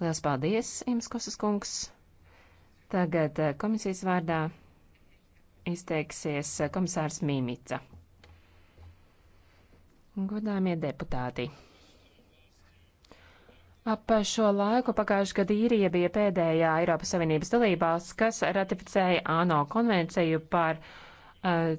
Lielas paldies, Ims Kosas kungs. Tagad eh, komisijas vārdā izteiksies eh, komisārs Mīmica. Godāmie deputāti! Ap šo laiku pagājušajā gadā īrija bija pēdējā Eiropas Savienības dalībās, kas ratificēja ANO konvenciju par uh,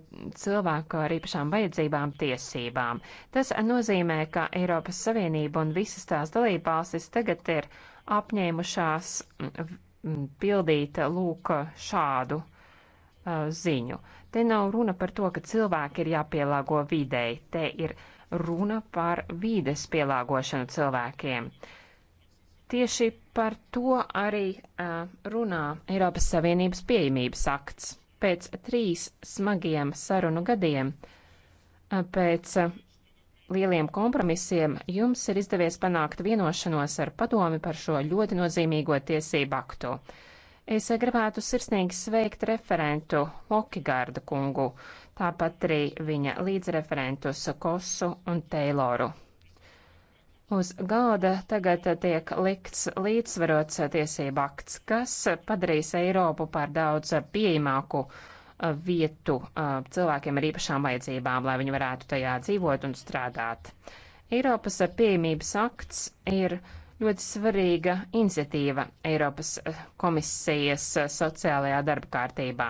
cilvēku ar īpašām vajadzībām tiesībām. Tas nozīmē, ka Eiropas Savienība un visas tās dalībvalstis tagad ir apņēmušās mm, mm, pildīt lūk šādu uh, ziņu. Te nav runa par to, ka cilvēki ir jāpielāgo videi, te ir runa par vides pielāgošanu cilvēkiem. Tieši par to arī uh, runā Eiropas Savienības pieejamības akts. Pēc trīs smagiem sarunu gadiem, uh, pēc uh, lieliem kompromisiem jums ir izdevies panākt vienošanos ar padomi par šo ļoti nozīmīgo tiesību aktu. Es gribētu sirsnīgi sveikt referentu Lokigārda kungu, tāpat arī viņa līdzreferentus Kosu un Teiloru. Uz galda tagad tiek likts līdzsvarots tiesību akts, kas padarīs Eiropu par daudz pieejamāku vietu cilvēkiem ar īpašām vajadzībām, lai viņi varētu tajā dzīvot un strādāt. Eiropas pieejamības akts ir ļoti svarīga iniciatīva Eiropas komisijas sociālajā darba kārtībā.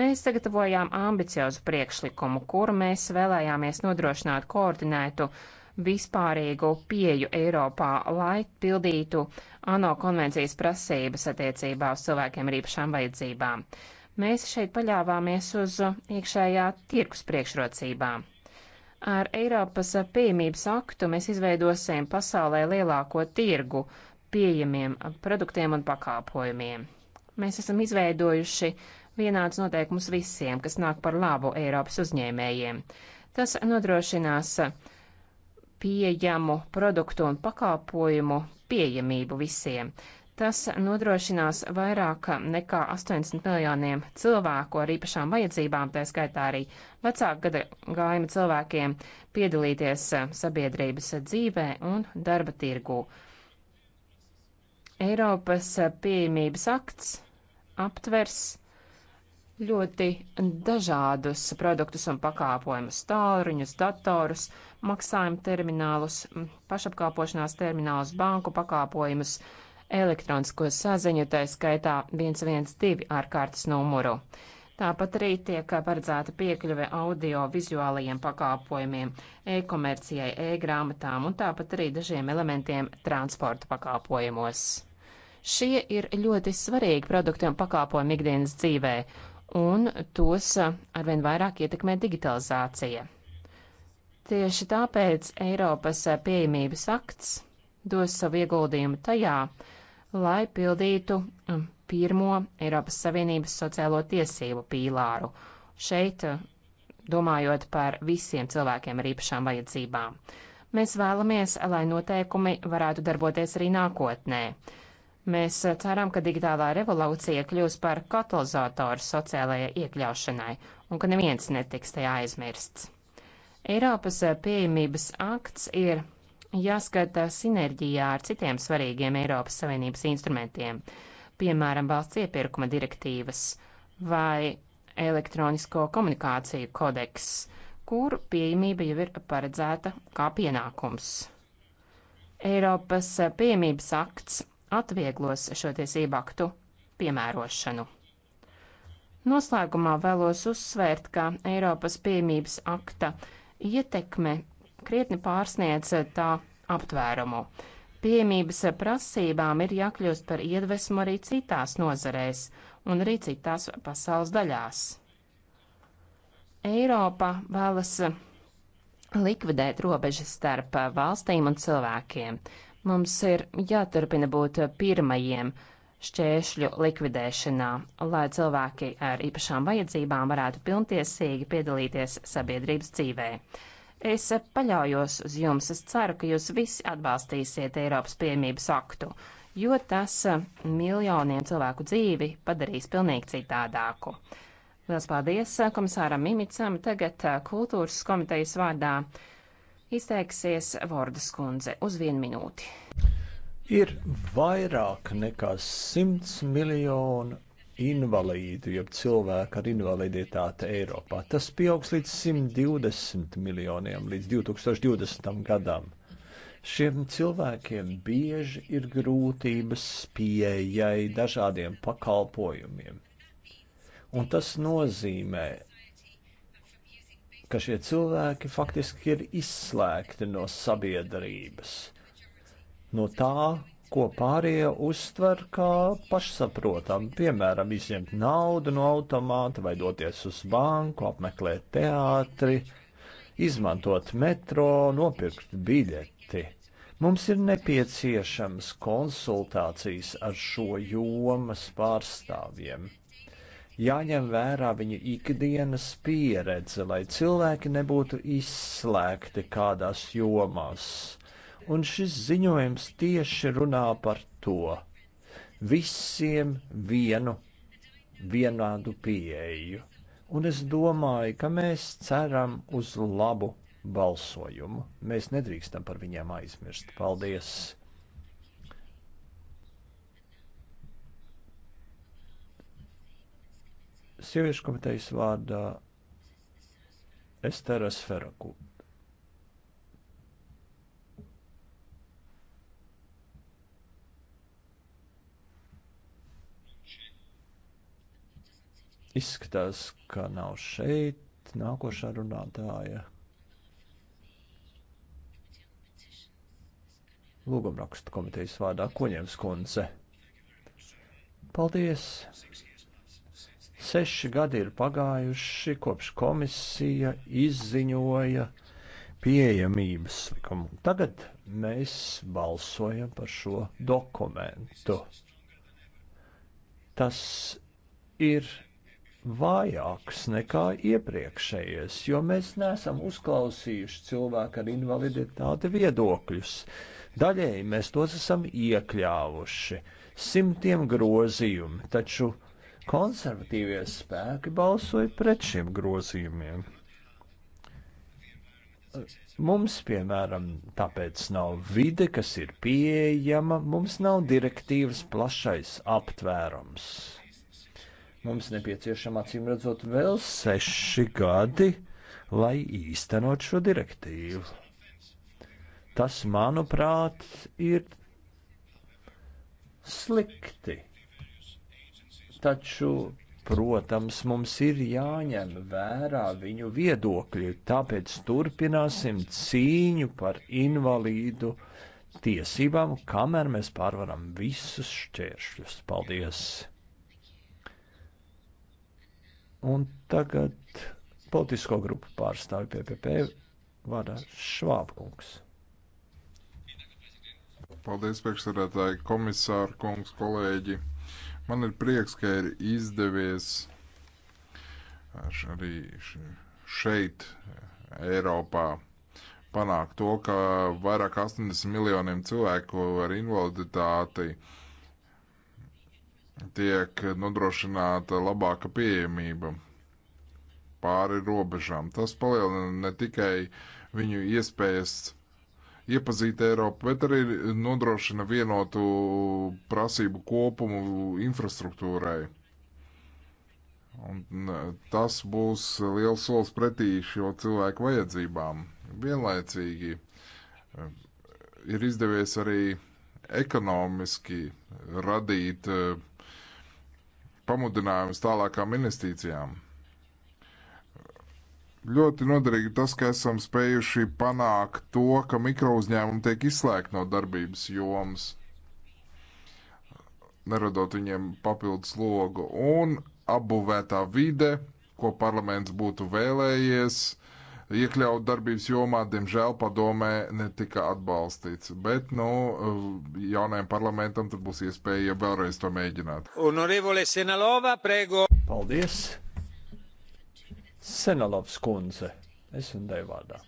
Mēs sagatavojām ambiciozu priekšlikumu, kuru mēs vēlējāmies nodrošināt koordinētu vispārīgu pieju Eiropā, lai pildītu ANO konvencijas prasības attiecībā uz cilvēkiem ar īpašām vajadzībām. Mēs šeit paļāvāmies uz iekšējā tirkus priekšrocībām. Ar Eiropas pieejamības aktu mēs izveidosim pasaulē lielāko tirgu pieejamiem produktiem un pakāpojumiem. Mēs esam izveidojuši vienāds noteikums visiem, kas nāk par labu Eiropas uzņēmējiem. Tas nodrošinās pieejamu produktu un pakāpojumu pieejamību visiem. Tas nodrošinās vairāk nekā 80 miljoniem cilvēku ar īpašām vajadzībām, tā skaitā arī vecāku gada gājuma cilvēkiem, piedalīties sabiedrības dzīvē un darba tirgū. Eiropas pieejamības akts aptvers ļoti dažādus produktus un pakāpojumus - tālruņus, datorus, maksājumu terminālus, pašapkalpošanās terminālus, banku pakāpojumus, uh, elektronisko saziņu, tā skaitā 112 ārkārtas numuru. Tāpat arī tiek paredzēta piekļuve audio-vizuālajiem pakāpojumiem, e-komercijai, e-grāmatām un tāpat arī dažiem elementiem transporta pakāpojumos. Šie ir ļoti svarīgi produkti un pakāpojumi ikdienas dzīvē, un tos arvien vairāk ietekmē digitalizācija. Tieši tāpēc Eiropas pieejamības akts dos savu ieguldījumu tajā, lai pildītu um, pirmo Eiropas Savienības sociālo tiesību pīlāru. Šeit uh, domājot par visiem cilvēkiem ar īpašām vajadzībām. Mēs vēlamies, lai noteikumi varētu darboties arī nākotnē. Mēs uh, ceram, ka digitālā revolūcija kļūs par katalizatoru sociālajai iekļaušanai un ka neviens netiks tajā aizmirsts. Eiropas uh, pieejamības akts ir jāskata sinerģijā ar citiem svarīgiem Eiropas Savienības instrumentiem, piemēram, valsts iepirkuma direktīvas vai elektronisko komunikāciju kodeks, kur pieejamība jau ir paredzēta kā pienākums. Eiropas pieejamības akts atvieglos šo tiesību aktu piemērošanu. Noslēgumā vēlos uzsvērt, ka Eiropas pieejamības akta ietekme krietni pārsniedz eh, tā aptvērumu. Piemības eh, prasībām ir jākļūst par iedvesmu arī citās nozarēs un arī citās pasaules daļās. Eiropa vēlas eh, likvidēt robežas starp valstīm un cilvēkiem. Mums ir jāturpina būt pirmajiem šķēršļu likvidēšanā, lai cilvēki ar īpašām vajadzībām varētu pilntiesīgi piedalīties sabiedrības dzīvē. Es paļaujos uz jums. Es ceru, ka jūs visi atbalstīsiet Eiropas piemības aktu, jo tas eh, miljoniem cilvēku dzīvi padarīs pilnīgi citādāku. Lielas paldies eh, komisāram Mimicam. Tagad eh, kultūras komitejas vārdā izteiksies Vordas kundze uz vienu minūti. Ir vairāk nekā 100 miljonu invalīdu, jeb cilvēku ar invaliditāti Eiropā. Tas pieaugs līdz 120 miljoniem līdz 2020. gadam. Šiem cilvēkiem bieži ir grūtības pieejai dažādiem pakalpojumiem. Un tas nozīmē, ka šie cilvēki faktiski ir izslēgti no sabiedrības, no tā, ko pārējie uztver kā pašsaprotamu, piemēram, izņemt naudu no automāta vai doties uz banku, apmeklēt teātri, izmantot metro, nopirkt biļeti. Mums ir nepieciešams konsultācijas ar šo jomas pārstāvjiem. Jāņem vērā viņu ikdienas pieredze, lai cilvēki nebūtu izslēgti kādās jomās un šis ziņojums tieši runā par to. Visiem vienu, vienādu pieeju, un es domāju, ka mēs ceram uz labu balsojumu. Mēs nedrīkstam par viņiem aizmirst. Paldies! Sieviešu komitejas vārdā Esteras Ferakupa. Izskatās, ka nav šeit nākošā runātāja. Lūgumrakstu komitejas vārdā Koņevs kundze. Paldies! Seši gadi ir pagājuši, kopš komisija izziņoja pieejamības likumu. Tagad mēs balsojam par šo dokumentu. Tas ir vājāks nekā iepriekšējais, jo mēs neesam uzklausījuši cilvēku ar invaliditāti viedokļus. Daļēji mēs tos esam iekļāvuši, simtiem grozījumu, taču konservatīvie spēki balsoja pret šiem grozījumiem. Mums, piemēram, tāpēc nav vide, kas ir pieejama, mums nav direktīvas plašais aptvērums. Mums nepieciešama acīm redzot vēl seši gadi, lai īstenot šo direktīvu. Tas, manuprāt, ir slikti. Taču, protams, mums ir jāņem vērā viņu viedokļi, tāpēc turpināsim cīņu par invalīdu tiesībām, kamēr mēs pārvaram visus šķēršļus. Paldies! Un tagad politisko grupu pārstāvi PPP vada Švābkungs. Paldies, priekšsēdētāji, komisāri, kungs, kolēģi. Man ir prieks, ka ir izdevies arī šeit, Eiropā, panākt to, ka vairāk 80 miljoniem cilvēku ar invaliditāti uh, tiek nodrošināta labāka pieejamība pāri robežām. Tas palielina ne tikai viņu iespējas iepazīt Eiropu, bet arī nodrošina vienotu prasību kopumu infrastruktūrai. Un tas būs liels solis pretī šo cilvēku vajadzībām. Vienlaicīgi eh, ir izdevies arī ekonomiski radīt uh, pamudinājums tālākām investīcijām. Ļoti noderīgi tas, ka esam spējuši panākt to, ka mikrouzņēmumi tiek izslēgti no darbības jomas, neradot viņiem papildus logu, un apbuvētā vide, ko parlaments būtu vēlējies, iekļaut darbības jomā, diemžēl padomē netika atbalstīts. Bet, nu, jaunajam parlamentam tad būs iespēja vēlreiz to mēģināt. Honorevole Senalova, prego. Paldies. Senalovs kundze, es un tevi vārdā.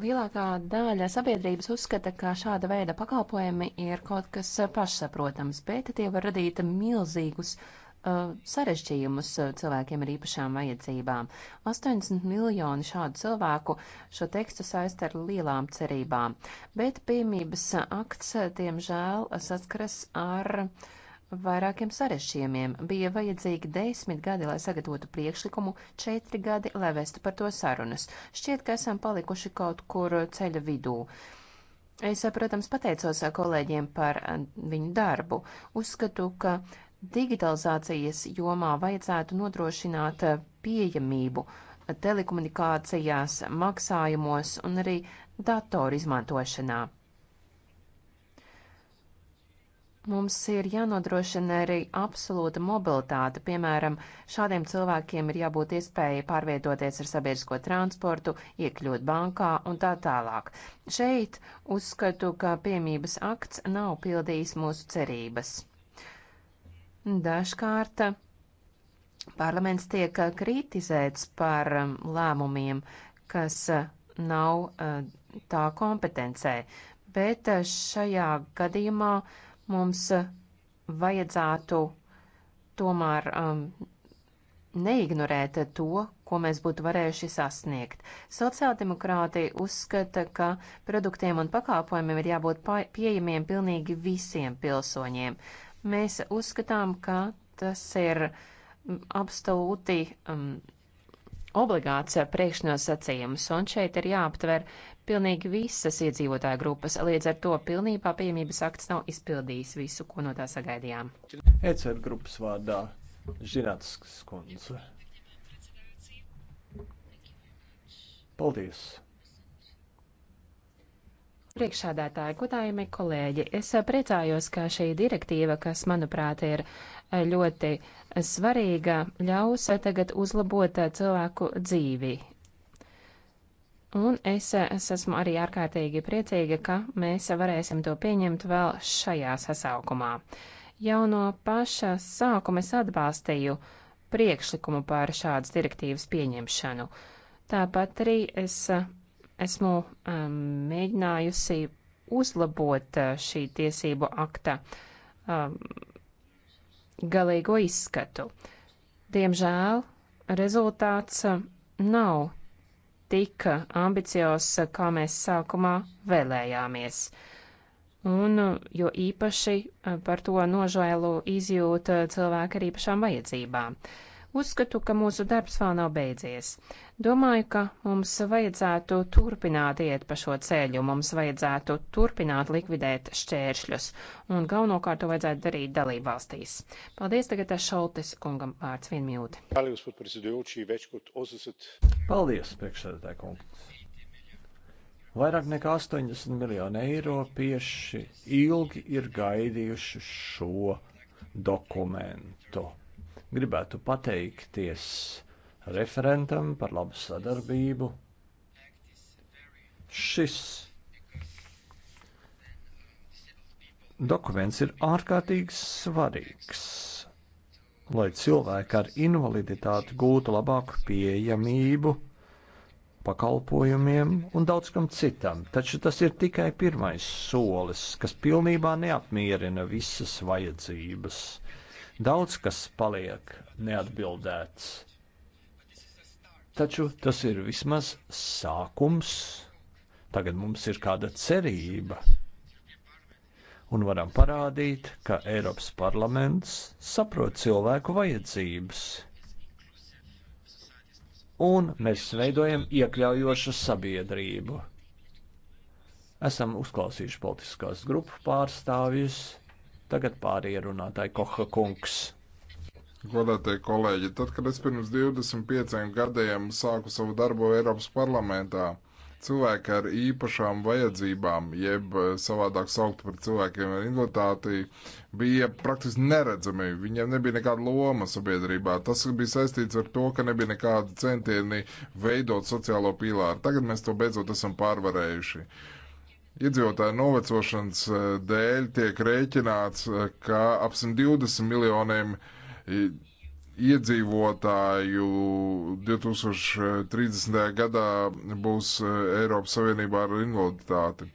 Lielākā daļa sabiedrības uzskata, ka šāda veida pakalpojumi ir kaut kas pašsaprotams, bet tie var radīt milzīgus uh, sarežģījumus uh, cilvēkiem ar īpašām vajadzībām. 80 miljoni šādu cilvēku šo tekstu saist ar lielām cerībām, bet piemības akts, diemžēl, uh, saskaras ar uh, vairākiem sarešījumiem. Bija vajadzīgi desmit gadi, lai sagatavotu priekšlikumu, četri gadi, lai vestu par to sarunas. Šķiet, ka esam palikuši kaut kur ceļa vidū. Es, protams, pateicos kolēģiem par eh, viņu darbu. Uzskatu, ka digitalizācijas jomā vajadzētu nodrošināt eh, pieejamību eh, telekomunikācijās, maksājumos un arī datoru izmantošanā. Mums ir jānodrošina arī absolūta mobilitāte. Piemēram, šādiem cilvēkiem ir jābūt iespēja pārvietoties ar sabiedrisko transportu, iekļūt bankā un tā tālāk. Šeit uzskatu, ka piemības akts nav pildījis mūsu cerības. Dažkārt parlaments tiek kritizēts par um, lēmumiem, kas uh, nav uh, tā kompetencē, bet uh, šajā gadījumā uh, Mums eh, vajadzētu tomēr um, neignorēt to, ko mēs būtu varējuši sasniegt. Sociāldemokrāti uzskata, ka produktiem un pakāpojumiem ir jābūt pieejamiem pilnīgi visiem pilsoņiem. Mēs uzskatām, ka tas ir mm, absolūti um, obligāts priekšnosacījums, un šeit ir jāaptver pilnīgi visas iedzīvotāju grupas, līdz ar to pilnībā pieejamības akts nav izpildījis visu, ko no tā sagaidījām. ECR grupas vārdā Žinātskas kundze. Paldies! Priekšādātāji, godājumie kolēģi, es priecājos, ka šī direktīva, kas, manuprāt, ir uh, ļoti svarīga, ļaus tagad uzlabot eh, cilvēku dzīvi. Un es, eh, es esmu arī ārkārtīgi priecīga, ka mēs varēsim to pieņemt vēl šajā sasaukumā. Jau no paša sākuma es atbalstīju priekšlikumu par šādas direktīvas pieņemšanu. Tāpat arī es eh, esmu um, mēģinājusi uzlabot šī tiesību akta um, galīgo izskatu. Diemžēl rezultāts eh, nav tik ambiciozs, eh, kā mēs sākumā vēlējāmies. Un, eh, jo īpaši par to nožēlu izjūta cilvēki ar īpašām vajadzībām. Uh, Uzskatu, ka mūsu darbs vēl nav beidzies. Domāju, ka mums vajadzētu turpināt iet pa šo ceļu, mums vajadzētu turpināt likvidēt šķēršļus, un galvenokārt to vajadzētu darīt dalībvalstīs. Paldies tagad Šoltes kungam vārds vien minūti. Paldies, priekšsēdētāji kungs. Vairāk nekā 80 miljoni eiropieši ilgi ir gaidījuši šo dokumentu. Gribētu pateikties referentam par labu sadarbību. Šis dokuments ir ārkārtīgi svarīgs, lai cilvēki ar invaliditāti gūtu labāku pieejamību pakalpojumiem un daudz kam citam, taču tas ir tikai pirmais solis, kas pilnībā neapmierina visas vajadzības. Daudz kas paliek neatbildēts. Taču tas ir vismaz sākums. Tagad mums ir kāda cerība. Un varam parādīt, ka Eiropas parlaments saprot cilvēku vajadzības un mēs veidojam iekļaujošu sabiedrību. Esam uzklausījuši politiskās grupu pārstāvjus, Tagad pārējie runātāji Koha kungs. Godātie kolēģi, tad, kad es pirms 25 gadiem sāku savu darbu Eiropas parlamentā, cilvēki ar īpašām vajadzībām, jeb eh, savādāk saukt par cilvēkiem ar invaliditāti, bija praktiski neredzami. Viņiem nebija nekāda loma sabiedrībā. Tas bija saistīts ar to, ka nebija nekāda centieni veidot sociālo pīlāru. Tagad mēs to beidzot esam pārvarējuši. Uh, iedzīvotāju novecošanas eh, dēļ tiek rēķināts, eh, ka apmēram 20 miljoniem eh, iedzīvotāju 2030. gadā būs Eiropas Savienībā ar invaliditāti.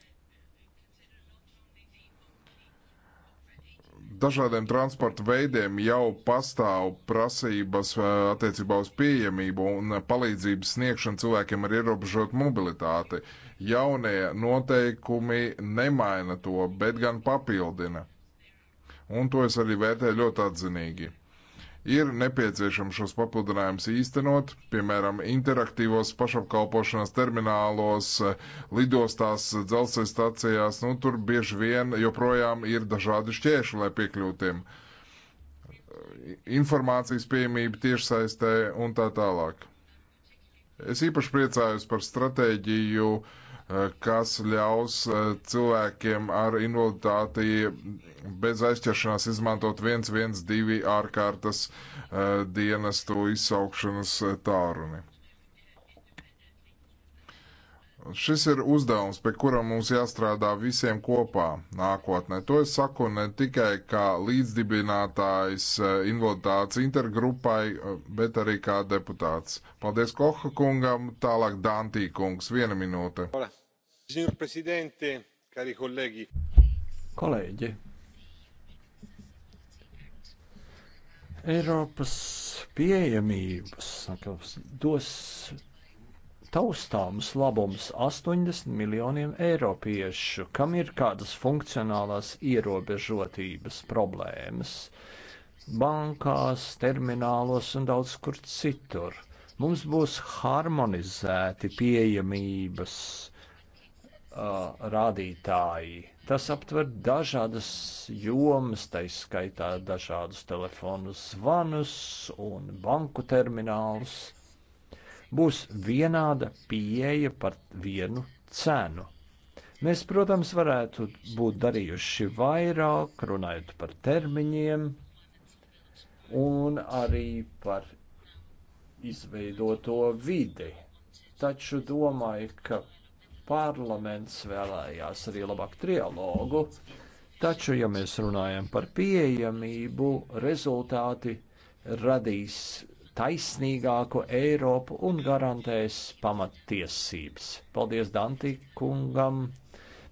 dažādiem transporta veidiem jau pastāv prasības attiecībā uz pieejamību un palīdzības sniegšanu cilvēkiem ar ierobežotu mobilitāti. Jaunie noteikumi nemaina to, bet gan papildina. Un to es arī vērtēju ļoti atzinīgi. Ir nepieciešams šos papildinājumus īstenot, piemēram, interaktīvos pašapkalpošanas terminālos, lidostās, dzelzceļa stacijās. Nu, tur bieži vien joprojām ir dažādi šķēršļi, lai piekļūtiem informācijas pieejamība tiešsaistē un tā tālāk. Es īpaši priecājos par stratēģiju uh, kas ļaus eh, cilvēkiem ar invaliditāti bez aizķeršanās izmantot 112 ārkārtas eh, dienestu izsaukšanas eh, tāruni. Šis ir uzdevums, pie kura mums jāstrādā visiem kopā nākotnē. To es saku ne tikai kā līdzdibinātājs eh, invaliditātes intergrupai, eh, bet arī kā deputāts. Paldies Koha kungam, tālāk Dantī kungs, viena minūte. Kolēģi, Eiropas pieejamības sakams, dos taustāms labums 80 miljoniem eiropiešu, kam ir kādas funkcionālās ierobežotības problēmas bankās, terminālos un daudz kur citur. Mums būs harmonizēti pieejamības uh, rādītāji. Tas aptver dažādas jomas, tai skaitā dažādus telefonu zvanus un banku terminālus būs vienāda pieeja par vienu cenu. Mēs, protams, varētu būt darījuši vairāk, runājot par termiņiem un arī par izveidoto vidi. Taču domāju, ka parlaments vēlējās arī labāk trialogu. Taču, ja mēs runājam par pieejamību, rezultāti radīs taisnīgāku Eiropu un garantēs pamattiesības. Paldies Dantī kungam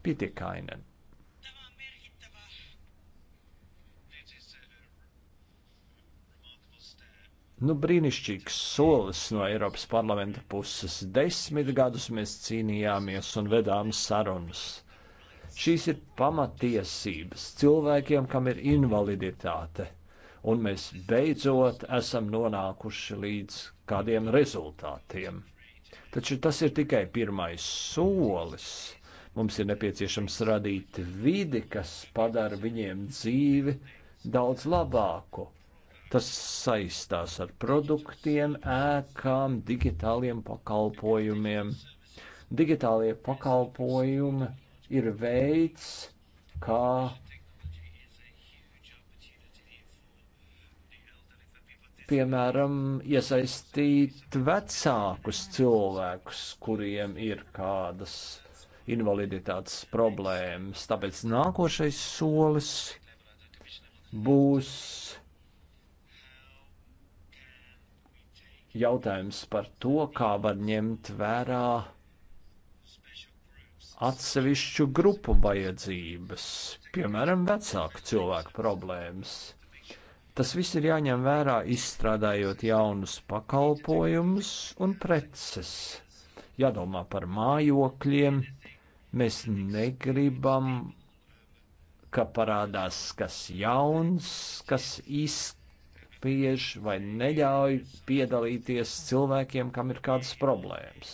Pitikainen. Nu, brīnišķīgs solis no Eiropas parlamenta puses. Desmit gadus mēs cīnījāmies un vedām sarunas. Šīs ir pamatiesības cilvēkiem, kam ir invaliditāte un mēs beidzot esam nonākuši līdz kādiem rezultātiem. Taču tas ir tikai pirmais solis. Mums ir nepieciešams radīt vidi, kas padara viņiem dzīvi daudz labāku. Tas saistās ar produktiem, ēkām, digitāliem pakalpojumiem. Digitālie pakalpojumi ir veids, kā piemēram, iesaistīt vecākus cilvēkus, kuriem ir kādas invaliditātes problēmas. Tāpēc nākošais solis būs jautājums par to, kā var ņemt vērā atsevišķu grupu vajadzības, piemēram, vecāku cilvēku problēmas. Tas viss ir jāņem vērā, izstrādājot jaunus pakalpojumus un preces. Jādomā par mājokļiem. Mēs negribam, ka parādās kas jauns, kas izskatās spiež vai neļauj piedalīties cilvēkiem, kam ir kādas problēmas.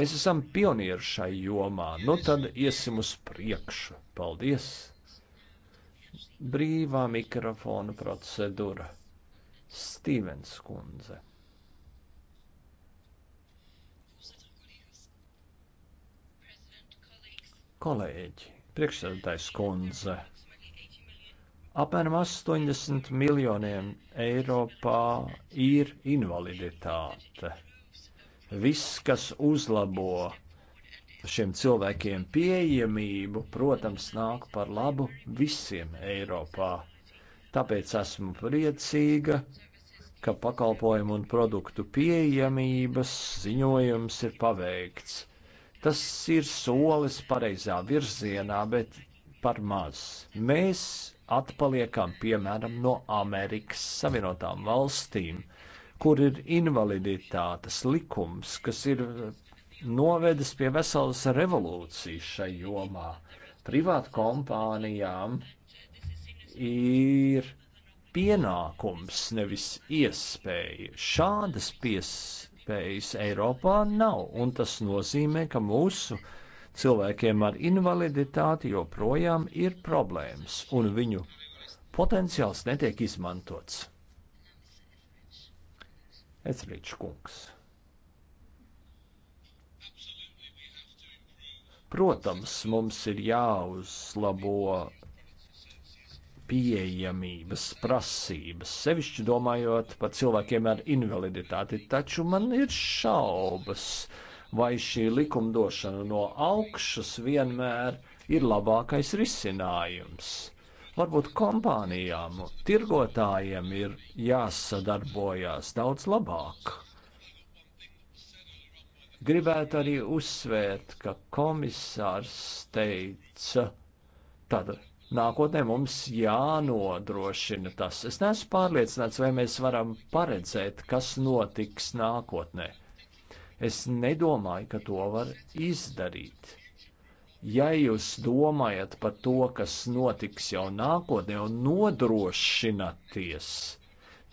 Mēs esam pionieri šai jomā, nu tad iesim uz priekšu. Paldies! Brīvā mikrofona procedūra. Stīvens kundze. Kolēģi, priekšsēdētājs kundze. Apmēram 80 miljoniem Eiropā ir invaliditāte. Viss, kas uzlabo šiem cilvēkiem pieejamību, protams, nāk par labu visiem Eiropā. Tāpēc esmu priecīga, ka pakalpojumu un produktu pieejamības ziņojums ir paveikts. Tas ir solis pareizā virzienā, bet par maz. Mēs atpaliekam piemēram no Amerikas Savienotām valstīm, kur ir invaliditātes likums, kas ir novedis pie veselas revolūcijas šai jomā. Privātu kompānijām ir pienākums, nevis iespēja. Šādas iespējas Eiropā nav, un tas nozīmē, ka mūsu cilvēkiem ar invaliditāti joprojām ir problēmas, un viņu potenciāls netiek izmantots. Etričs kungs. Protams, mums ir jāuzlabo pieejamības prasības, sevišķi domājot par cilvēkiem ar invaliditāti, taču man ir šaubas, vai šī likumdošana no augšas vienmēr ir labākais risinājums. Varbūt kompānijām, tirgotājiem ir jāsadarbojās daudz labāk. Gribētu arī uzsvērt, ka komisārs teica, tad nākotnē mums jānodrošina tas. Es neesmu pārliecināts, vai mēs varam paredzēt, kas notiks nākotnē. Es nedomāju, ka to var izdarīt. Ja jūs domājat par to, kas notiks jau nākotnē un nodrošināties,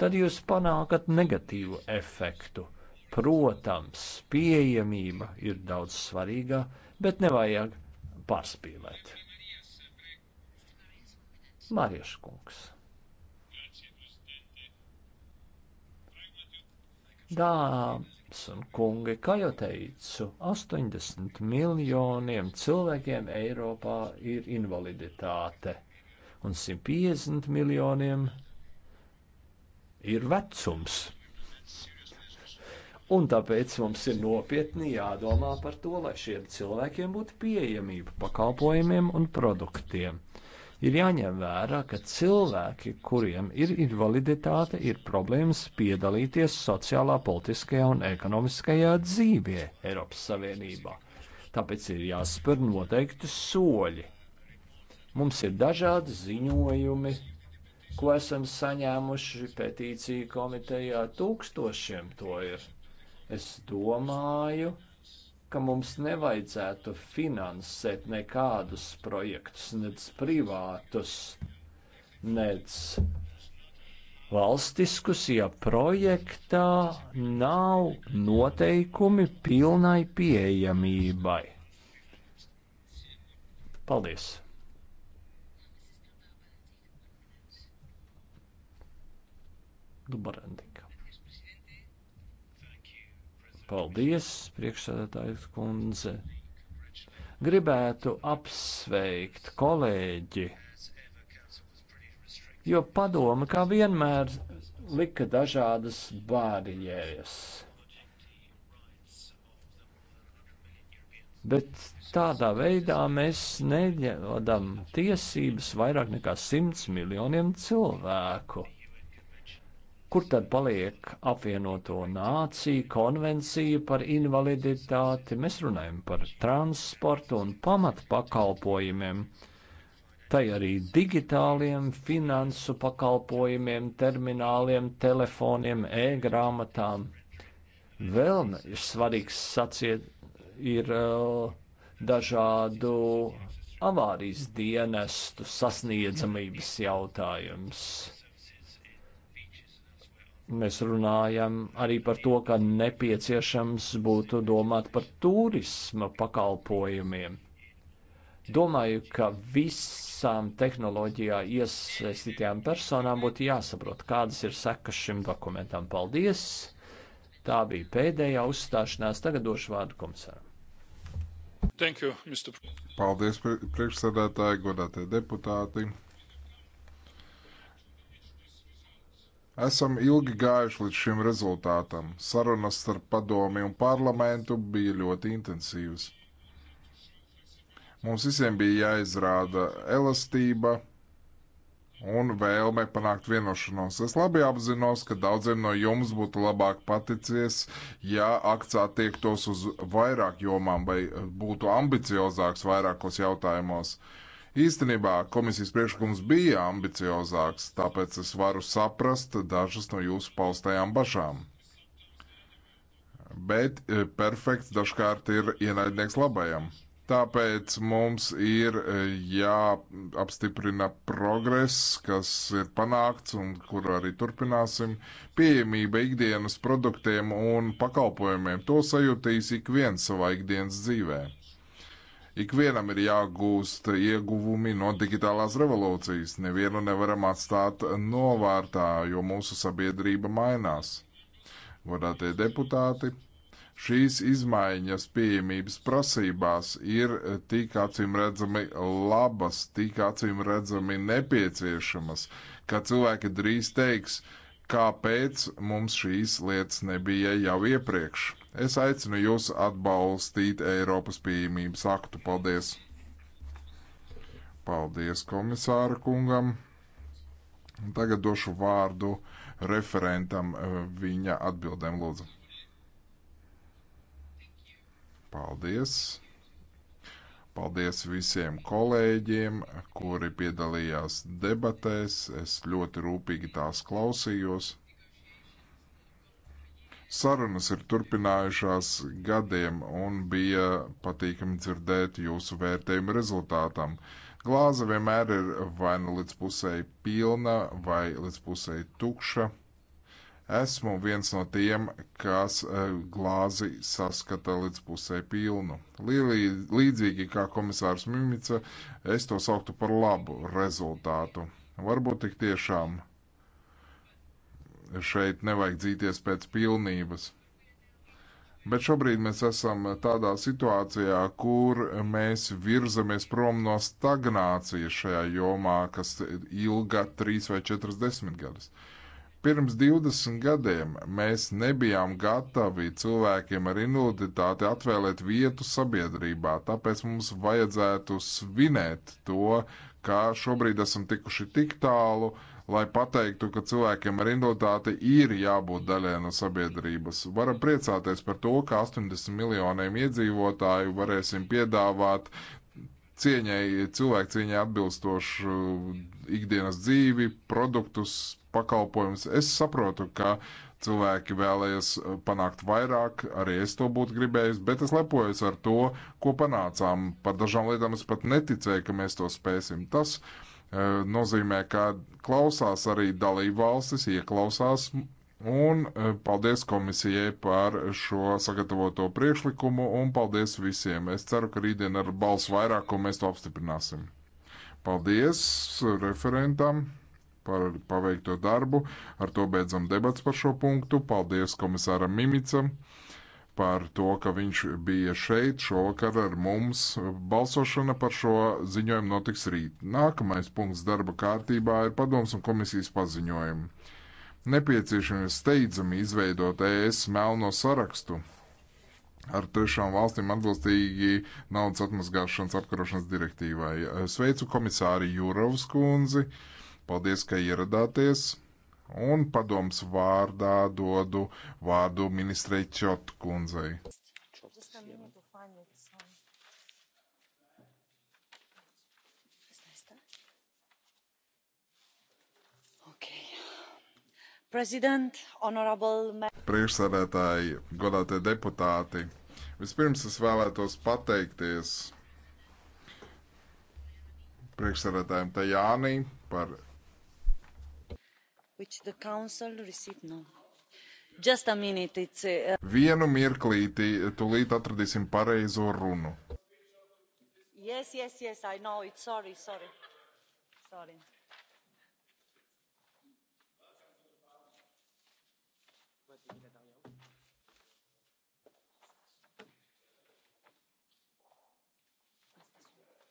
tad jūs panākat negatīvu efektu Protams, pieejamība ir daudz svarīgā, bet nevajag pārspīlēt. Marieša kungs. Dāmas un kungi, kā jau teicu, 80 miljoniem cilvēkiem Eiropā ir invaliditāte, un 150 miljoniem ir vecums. Un tāpēc mums ir nopietni jādomā par to, lai šiem cilvēkiem būtu pieejamība pakalpojumiem un produktiem. Ir jāņem vērā, ka cilvēki, kuriem ir invaliditāte, ir problēmas piedalīties sociālā, politiskajā un ekonomiskajā dzīvē Eiropas Savienībā. Tāpēc ir jāspēr noteikti soļi. Mums ir dažādi ziņojumi, ko esam saņēmuši petīciju komitejā. Tūkstošiem to ir. Es domāju, ka mums nevajadzētu finansēt nekādus projektus, nec privātus, nec valstiskus, ja projektā nav noteikumi pilnai pieejamībai. Paldies! Dubarandi. Paldies, priekšsēdētājs kundze. Gribētu apsveikt kolēģi, jo padoma kā vienmēr lika dažādas barjeras. Bet tādā veidā mēs neļaudam tiesības vairāk nekā simts miljoniem cilvēku. Kur tad paliek apvienoto nāciju konvencija par invaliditāti? Mēs runājam par transportu un pamatpakalpojumiem, tai arī digitāliem finansu pakalpojumiem, termināliem, telefoniem, e-grāmatām. Vēl ir svarīgs saciet, ir uh, dažādu avārijas dienestu sasniedzamības jautājums. Mēs runājam arī par to, ka nepieciešams būtu domāt par turisma pakalpojumiem. Domāju, ka visām tehnoloģijā iesaistītajām personām būtu jāsaprot, kādas ir sekas šim dokumentam. Paldies! Tā bija pēdējā uzstāšanās. Tagad došu vārdu komisāram. Thank you, Mr. Paldies, priekšsēdētāji, godātie deputāti. Esam ilgi gājuši līdz šim rezultātam. Sarunas starp padomi un parlamentu bija ļoti intensīvas. Mums visiem bija jāizrāda elastība un vēlme panākt vienošanos. Es labi apzinos, ka daudziem no jums būtu labāk paticies, ja akts attiektos uz vairāk jomām vai būtu ambiciozāks vairākos jautājumos. Uh, Īstenībā komisijas priekšlikums bija ambiciozāks, tāpēc es varu saprast dažas no jūsu paustajām bažām. Bet eh, perfekts dažkārt ir ienaidnieks labajam. Tāpēc mums ir eh, jāapstiprina progress, kas ir panākts un kur arī turpināsim. Pieejamība ikdienas produktiem un pakalpojumiem to sajūtīs ik viens savā ikdienas dzīvē. Ikvienam ir jāgūst ieguvumi no digitālās revolūcijas. Nevienu nevaram atstāt novārtā, jo mūsu sabiedrība mainās. Vadātie deputāti, šīs izmaiņas pieejamības prasībās ir tik acīm redzami labas, tik acīm redzami nepieciešamas, ka cilvēki drīz teiks, kāpēc mums šīs lietas nebija jau iepriekš. Es aicinu jūs atbalstīt Eiropas pieejamības aktu. Paldies! Paldies komisāra kungam! Tagad došu vārdu referentam eh, viņa atbildēm lūdzu. Paldies! Paldies visiem kolēģiem, kuri piedalījās debatēs. Es ļoti rūpīgi tās klausījos. Sarunas ir turpinājušās gadiem un bija patīkami dzirdēt jūsu vērtējumu rezultātam. Glāze vienmēr ir vai nu līdz pusēji pilna, vai līdz pusēji tukša. Esmu viens no tiem, kas e, glāzi saskata līdz pusēji pilnu. Līdzīgi kā komisārs Mimica, es to sauktu par labu rezultātu. Varbūt tik tiešām šeit nevajag dzīties pēc pilnības. Bet šobrīd mēs esam tādā situācijā, kur mēs virzamies prom no stagnācijas šajā jomā, kas ilga trīs vai četras desmitgadus. Pirms 20 gadiem mēs nebijām gatavi cilvēkiem ar invaliditāti atvēlēt vietu sabiedrībā, tāpēc mums vajadzētu svinēt to, kā šobrīd esam tikuši tik tālu, uh, lai pateiktu, ka cilvēkiem ar invaliditāti ir jābūt daļai no sabiedrības. Varam priecāties par to, ka 80 miljoniem iedzīvotāju varēsim piedāvāt cieņai, cilvēku cieņai atbilstošu ikdienas dzīvi, produktus, pakalpojumus. Es saprotu, ka cilvēki vēlējas panākt vairāk, arī es to būtu gribējis, bet es lepojos ar to, ko panācām. Par dažām lietām es pat neticēju, ka mēs to spēsim. Tas, uh, Eh, nozīmē, ka klausās arī dalību valstis, ieklausās. Un eh, paldies komisijai par šo sagatavoto priekšlikumu un paldies visiem. Es ceru, ka rītdien ar balsu vairākumu mēs to apstiprināsim. Paldies referentam par paveikto darbu. Ar to beidzam debats par šo punktu. Paldies komisāram Mimicam par to, ka viņš bija šeit šovakar ar mums. Balsošana par šo ziņojumu notiks rīt. Nākamais punkts darba kārtībā ir padoms un komisijas paziņojumi. Nepieciešami steidzami izveidot ES melno sarakstu ar trešām valstīm atbilstīgi naudas atmazgāšanas apkarošanas direktīvai. Sveicu komisāri Jūrovs kundzi, paldies, ka ieradāties un padoms vārdā dodu vārdu ministrei Čotkundzei. Priekšsēdētāji, godātie deputāti, vispirms es vēlētos pateikties priekšsēdētājiem Tajānī par which the council received no. Just a minute, it's... Uh... Vienu mirklīti, tūlīt atradīsim pareizo runu. Yes, yes, yes, I know it. Sorry, sorry. Sorry.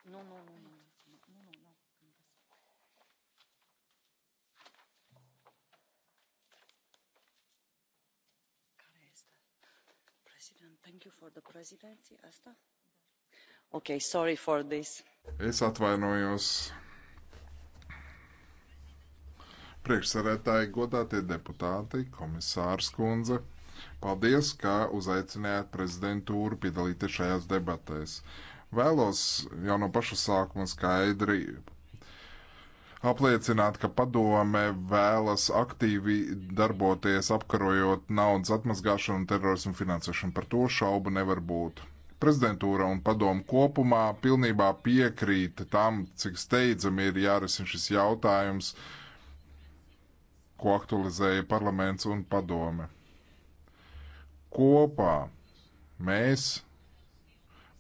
Non, non, non. Okay, sorry for this. Es atvainojos. Priekšsēdētāji, godātie deputāti, komisārs kundze, paldies, ka uzaicinājāt prezidentūru piedalīties šajās debatēs. Vēlos jau no paša sākuma skaidri apliecināt, ka padome vēlas aktīvi darboties apkarojot naudas atmazgāšanu un terorismu finansēšanu. Par to šaubu nevar būt. Prezidentūra un padome kopumā pilnībā piekrīt tam, cik steidzami ir jārisina šis jautājums, ko aktualizēja parlaments un padome. Kopā mēs,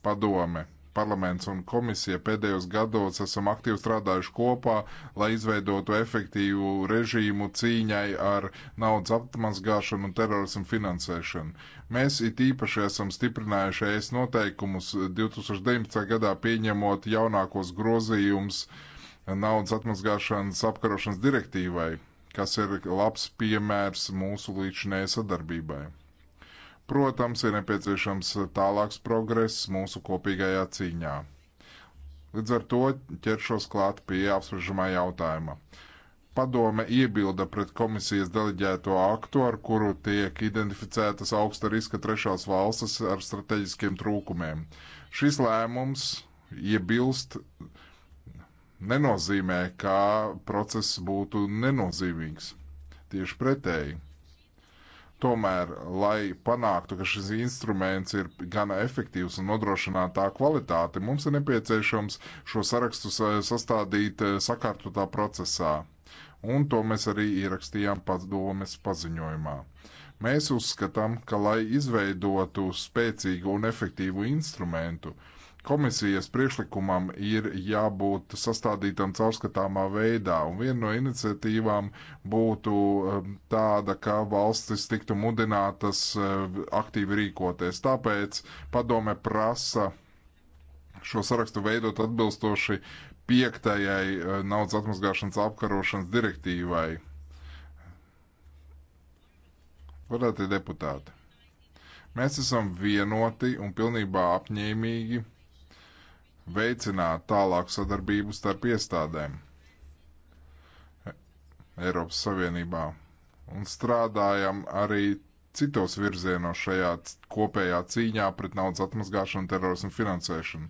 padome, parlaments un komisija pēdējos gados esam aktīvi strādājuši kopā, lai izveidotu efektīvu režīmu cīņai ar naudas apmazgāšanu un terorismu finansēšanu. Mēs it īpaši esam stiprinājuši ES noteikumus 2019. gadā pieņemot jaunākos grozījumus naudas atmazgāšanas apkarošanas direktīvai, kas ir labs piemērs mūsu līdzinējai e sadarbībai. Protams, ir nepieciešams tālāks progress mūsu kopīgajā cīņā. Līdz ar to ķeršos klāt pie apspriežamā jautājuma. Padome iebilda pret komisijas deleģēto aktu, ar kuru tiek identificētas augsta riska trešās valstis ar strateģiskiem trūkumiem. Šis lēmums iebilst nenozīmē, ka process būtu nenozīmīgs. Tieši pretēji Tomēr, lai panāktu, ka šis instruments ir gan efektīvs un nodrošinātu tā kvalitāti, mums ir nepieciešams šo sarakstu sastādīt eh, sakārtotā procesā. Un to mēs arī ierakstījām padomes paziņojumā. Mēs uzskatām, ka, lai izveidotu spēcīgu un efektīvu instrumentu, uh, komisijas priekšlikumam ir jābūt sastādītam caurskatāmā veidā, un viena no iniciatīvām būtu um, tāda, ka valstis tiktu mudinātas uh, aktīvi rīkoties. Tāpēc padome prasa šo sarakstu veidot atbilstoši piektajai uh, naudas atmazgāšanas apkarošanas direktīvai. Varētu deputāti. Mēs esam vienoti un pilnībā apņēmīgi veicināt tālāku sadarbību starp iestādēm Eiropas Savienībā un strādājam arī citos virzienos šajā kopējā cīņā pret naudas atmazgāšanu un terorismu finansēšanu.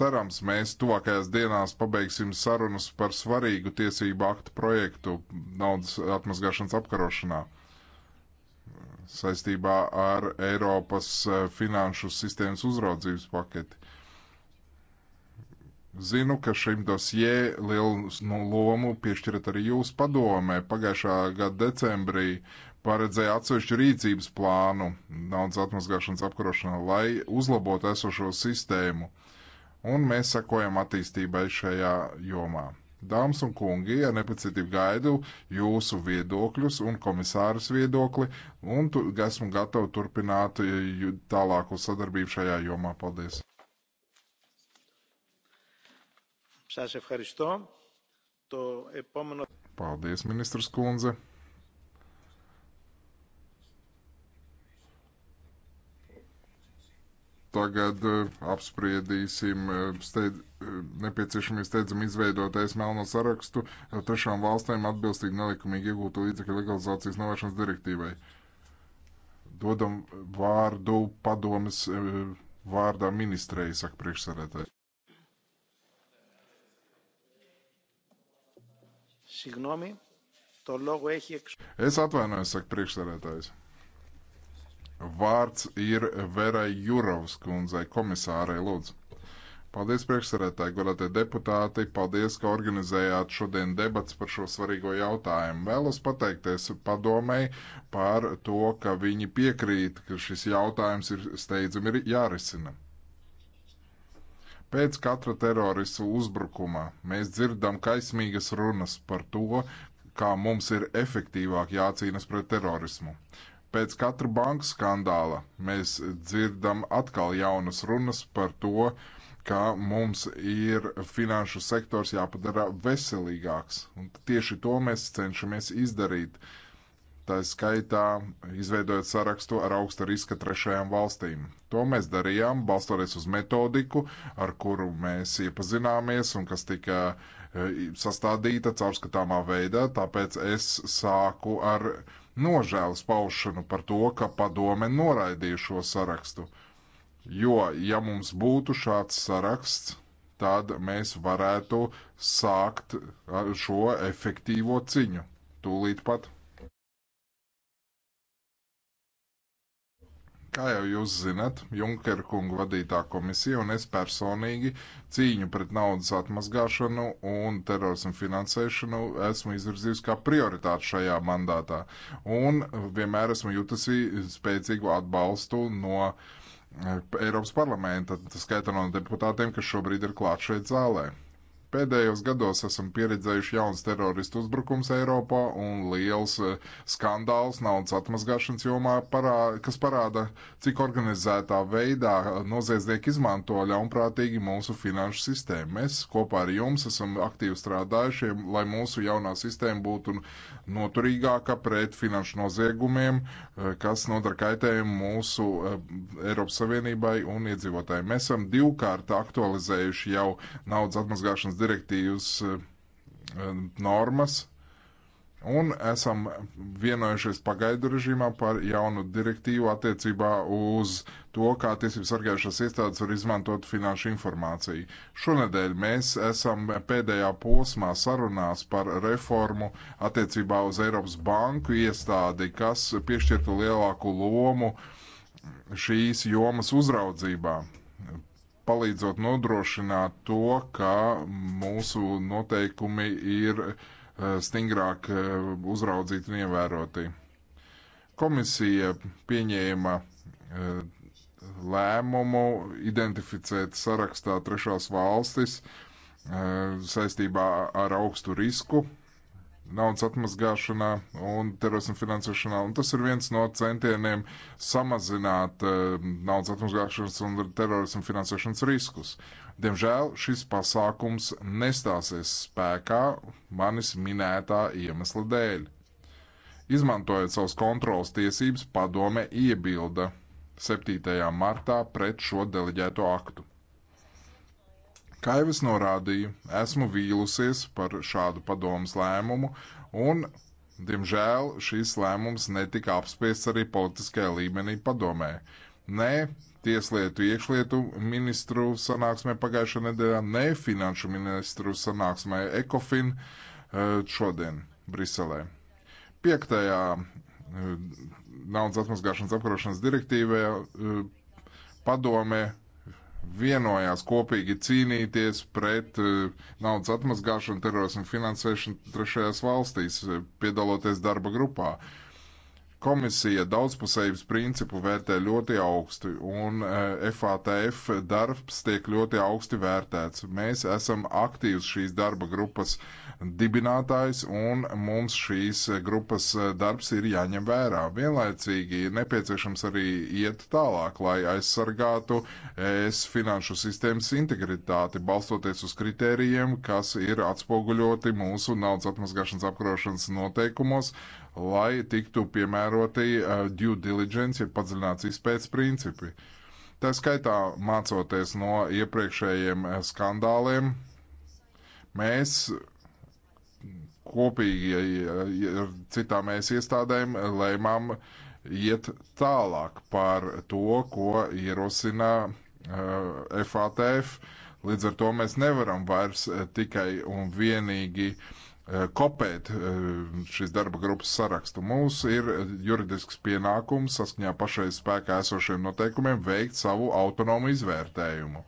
Cerams, mēs tuvākajās dienās pabeigsim sarunas par svarīgu tiesību aktu projektu naudas atmazgāšanas apkarošanā saistībā ar Eiropas eh, finanšu sistēmas uzraudzības paketi. Zinu, ka šim dosjē lielu nu, lomu piešķirat arī jūs padomē. Pagājušā gada decembrī paredzēja atsevišķu rīcības plānu naudas atmazgāšanas apkarošanā, lai uzlabotu esošo sistēmu. Un mēs sekojam attīstībai šajā jomā. Dāmas un kungi, ar nepacietību gaidu jūsu viedokļus un komisāras viedokli, un tu, esmu gatava turpināt eh, tālāku sadarbību šajā jomā. Paldies! Sās evharisto. To epomeno. Paldies, ministrs kundze. Tagad eh, apspriedīsim eh, steid, eh, nepieciešamību steidzam izveidot es melno sarakstu trešām valstīm atbilstīgi nelikumīgi iegūto līdzekļu legalizācijas novēršanas direktīvai. Dodam vārdu padomas vārdā ministrei, saka priekšsarētāji. Es atvainojos, saka priekšsēdētājs. Vārds ir Verai Jurovs kundzei, komisārai Lūdzu. Paldies priekšsarētāji, godātie deputāti, paldies, ka organizējāt šodien debats par šo svarīgo jautājumu. Vēlos pateikties padomei par to, ka viņi piekrīt, ka šis jautājums ir steidzami jārisina. Pēc katra teroristu uzbrukuma mēs dzirdam kaismīgas runas par to, kā mums ir efektīvāk jācīnas pret terorismu. Pēc katra banka skandāla mēs dzirdam atkal jaunas runas par to, ka mums ir finanšu sektors jāpadara veselīgāks. Un tieši to mēs cenšamies izdarīt uh, tā skaitā izveidojot sarakstu ar augsta riska trešajām valstīm. To mēs darījām, balstoties uz metodiku, ar kuru mēs iepazināmies un kas tika e, sastādīta caurskatāmā veidā, tāpēc es sāku ar nožēlas paušanu par to, ka padome noraidīja šo sarakstu. Jo, ja mums būtu šāds saraksts, tad mēs varētu sākt šo efektīvo ciņu tūlīt pat. Kā jau jūs zinat, Junkera kunga vadītā komisija un es personīgi cīņu pret naudas atmazgāšanu un terorismu finansēšanu esmu izvirzījusi kā prioritāti šajā mandātā. Un vienmēr esmu jutusi spēcīgu atbalstu no eh, Eiropas parlamenta, tā skaitā no deputātiem, kas šobrīd ir klāt šeit zālē. Pēdējos gados esam pieredzējuši jauns teroristu uzbrukums Eiropā un liels eh, skandāls naudas atmazgāšanas jomā, parā, kas parāda, cik organizētā veidā eh, noziedznieki izmanto ļaunprātīgi mūsu finanšu sistēmu. Mēs kopā ar jums esam aktīvi strādājuši, lai mūsu jaunā sistēma būtu noturīgāka pret finanšu noziegumiem, eh, kas nodara kaitējumu mūsu Eiropas Savienībai un iedzīvotājiem. Mēs esam divkārt aktualizējuši jau naudas atmazgāšanas direktīvas eh, normas, un esam vienojušies pagaidu režīmā par jaunu direktīvu attiecībā uz to, kā tiesību sargājušās iestādes var izmantot finanšu informāciju. Šonedēļ mēs esam pēdējā posmā sarunās par reformu attiecībā uz Eiropas banku iestādi, kas piešķirtu lielāku lomu šīs jomas uzraudzībā palīdzot nodrošināt to, ka mūsu noteikumi ir eh, stingrāk eh, uzraudzīti un ievēroti. Komisija pieņēma eh, lēmumu identificēt sarakstā trešās valstis saistībā ar augstu risku naudas atmazgāšanā un terorismu finansēšanā. Un tas ir viens no centieniem samazināt uh, naudas atmazgāšanas un terorismu finansēšanas riskus. Diemžēl šis pasākums nestāsies spēkā manis minētā iemesla dēļ. Izmantojot savus kontrolas tiesības, padome iebilda 7. martā pret šo deleģēto aktu. Kā jau es norādīju, esmu vīlusies par šādu padomus lēmumu, un, diemžēl, šīs lēmums netika apspriests arī politiskajā līmenī padomē. Ne tieslietu iekšlietu ministru sanāksmē pagājušajā nedēļā, ne finanšu ministru sanāksmē ECOFIN eh, šodien Briselē. Piektajā eh, naudas atmazgāšanas apkarošanas direktīvē eh, padome vienojās kopīgi cīnīties pret eh, naudas atmazgāšanu, terorismu finansēšanu trešajās valstīs, eh, piedaloties darba grupā. Uh, Komisija daudzpusējības principu vērtē ļoti augstu, un FATF eh, darbs tiek ļoti augsti vērtēts. Mēs esam aktīvs šīs darba grupas dibinātājs, un mums šīs eh, grupas eh, darbs ir jāņem vērā. Vienlaicīgi ir nepieciešams arī iet tālāk, lai aizsargātu ES finanšu sistēmas integritāti, balstoties uz kritērijiem, kas ir atspoguļoti mūsu naudas atmazgāšanas apkarošanas noteikumos lai tiktu piemēroti due diligence, ja padziļināts izpētes principi. Tā skaitā mācoties no iepriekšējiem skandāliem, mēs kopīgi ar citām mēs iestādēm lēmām iet tālāk par to, ko ierosina FATF. Līdz ar to mēs nevaram vairs tikai un vienīgi uh, Eh, kopēt eh, šīs darba grupas sarakstu. Mums ir juridisks pienākums saskaņā pašreiz spēkā esošiem noteikumiem veikt savu autonomu izvērtējumu.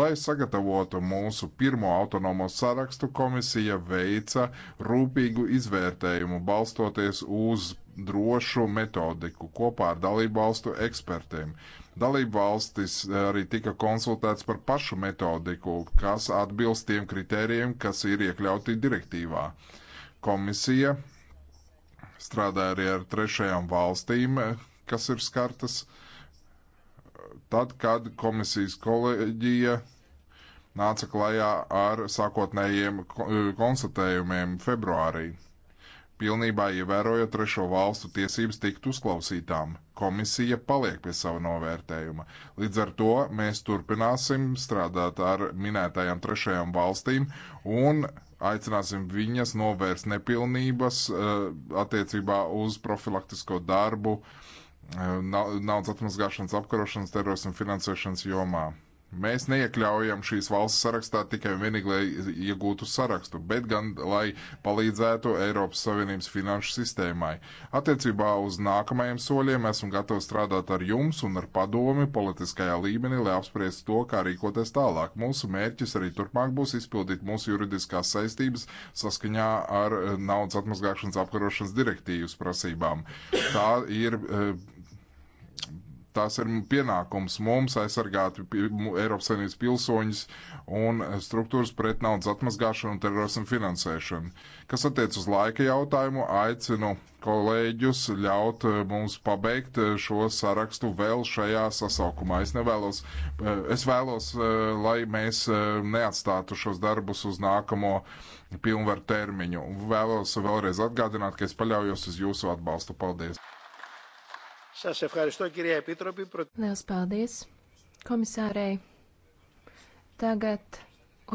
Lai sagatavotu mūsu pirmo autonomo sarakstu, komisija veica rūpīgu izvērtējumu balstoties uz drošu metodiku kopā ar dalībvalstu ekspertiem. Dalība valstis eh, arī tika konsultēts par pašu metodiku, kas atbilst tiem kritērijiem, kas ir iekļauti direktīvā. Komisija strādāja arī ar trešajām valstīm, eh, kas ir skartas, tad, kad komisijas kolēģija nāca klajā ar sākotnējiem eh, konstatējumiem februārī pilnībā ievērojot trešo valstu tiesības tikt uzklausītām. Komisija paliek pie sava novērtējuma. Līdz ar to mēs turpināsim strādāt ar minētajām trešajām valstīm un aicināsim viņas novērst nepilnības eh, attiecībā uz profilaktisko darbu eh, naudas atmazgāšanas apkarošanas terorismu finansēšanas jomā. Mēs neiekļaujam šīs valsts sarakstā tikai un vienīgi, lai iegūtu sarakstu, bet gan, lai palīdzētu Eiropas Savienības finanšu sistēmai. Attiecībā uz nākamajiem soļiem esmu gatavs strādāt ar jums un ar padomi politiskajā līmenī, lai apspriestu to, kā rīkoties tālāk. Mūsu mērķis arī turpmāk būs izpildīt mūsu juridiskās saistības saskaņā ar eh, naudas atmazgāšanas apkarošanas direktīvas prasībām. Tā ir. Uh, Tās ir pienākums mums aizsargāt Eiropas Savienības pilsoņus un struktūras pret naudas atmazgāšanu un terorismu finansēšanu. Kas attiec uz laika jautājumu, aicinu kolēģus ļaut eh, mums pabeigt eh, šo sarakstu vēl šajā sasaukumā. Es nevēlos, eh, es vēlos, lai mēs neatstātu šos darbus uz nākamo pilnvaru termiņu. Vēlos vēlreiz atgādināt, ka es paļaujos uz jūsu atbalstu. Paldies! Σας ευχαριστώ, κυρία Επίτροπη. Liels paldies, komisārei. Tagad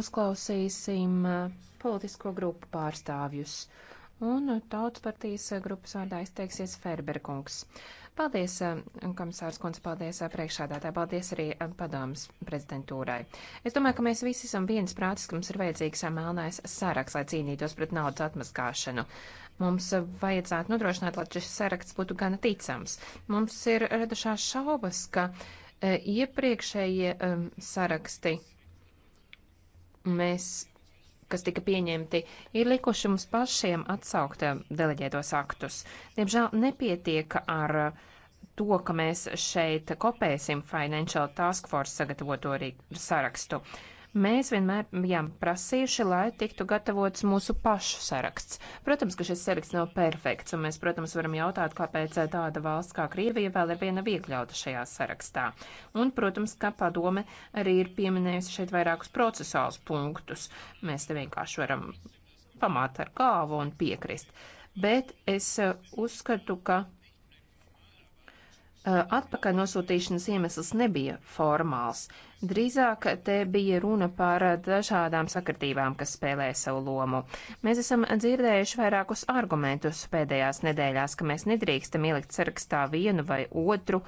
uzklausīsim uh, politisko grupu pārstāvjus. Un tautas partijas uh, grupas vārdā izteiksies Ferberkungs. Paldies, uh, komisārs Kunds, paldies priekšādātāji, paldies arī padomas prezidentūrai. Es domāju, ka mēs visi esam viens prātis, ka mums ir vajadzīgs melnais saraks, lai cīnītos pret naudas atmaskāšanu. Mums vajadzētu nodrošināt, lai šis saraksts būtu gana ticams. Mums ir radušās šaubas, ka e, iepriekšējie saraksti mēs kas tika pieņemti, ir likuši mums pašiem atsaukt deleģētos aktus. Diemžēl nepietiek ar to, ka mēs šeit kopēsim Financial Task Force sagatavoto sarakstu. Uh, Mēs vienmēr bijām prasījuši, lai tiktu gatavots mūsu pašu saraksts. Protams, ka šis saraksts nav perfekts, un mēs, protams, varam jautāt, kāpēc tāda valsts kā Krievija vēl ir viena iekļauta šajā sarakstā. Un, protams, ka padome arī ir pieminējusi šeit vairākus procesuālus punktus. Mēs te vienkārši varam pamāt ar kāvu un piekrist. Bet es uh, uzskatu, ka Eh, atpakaļ nosūtīšanas iemesls nebija formāls. Drīzāk te bija runa par dažādām sakritībām, kas spēlē savu lomu. Mēs esam dzirdējuši vairākus argumentus pēdējās nedēļās, ka mēs nedrīkstam ielikt sarakstā vienu vai otru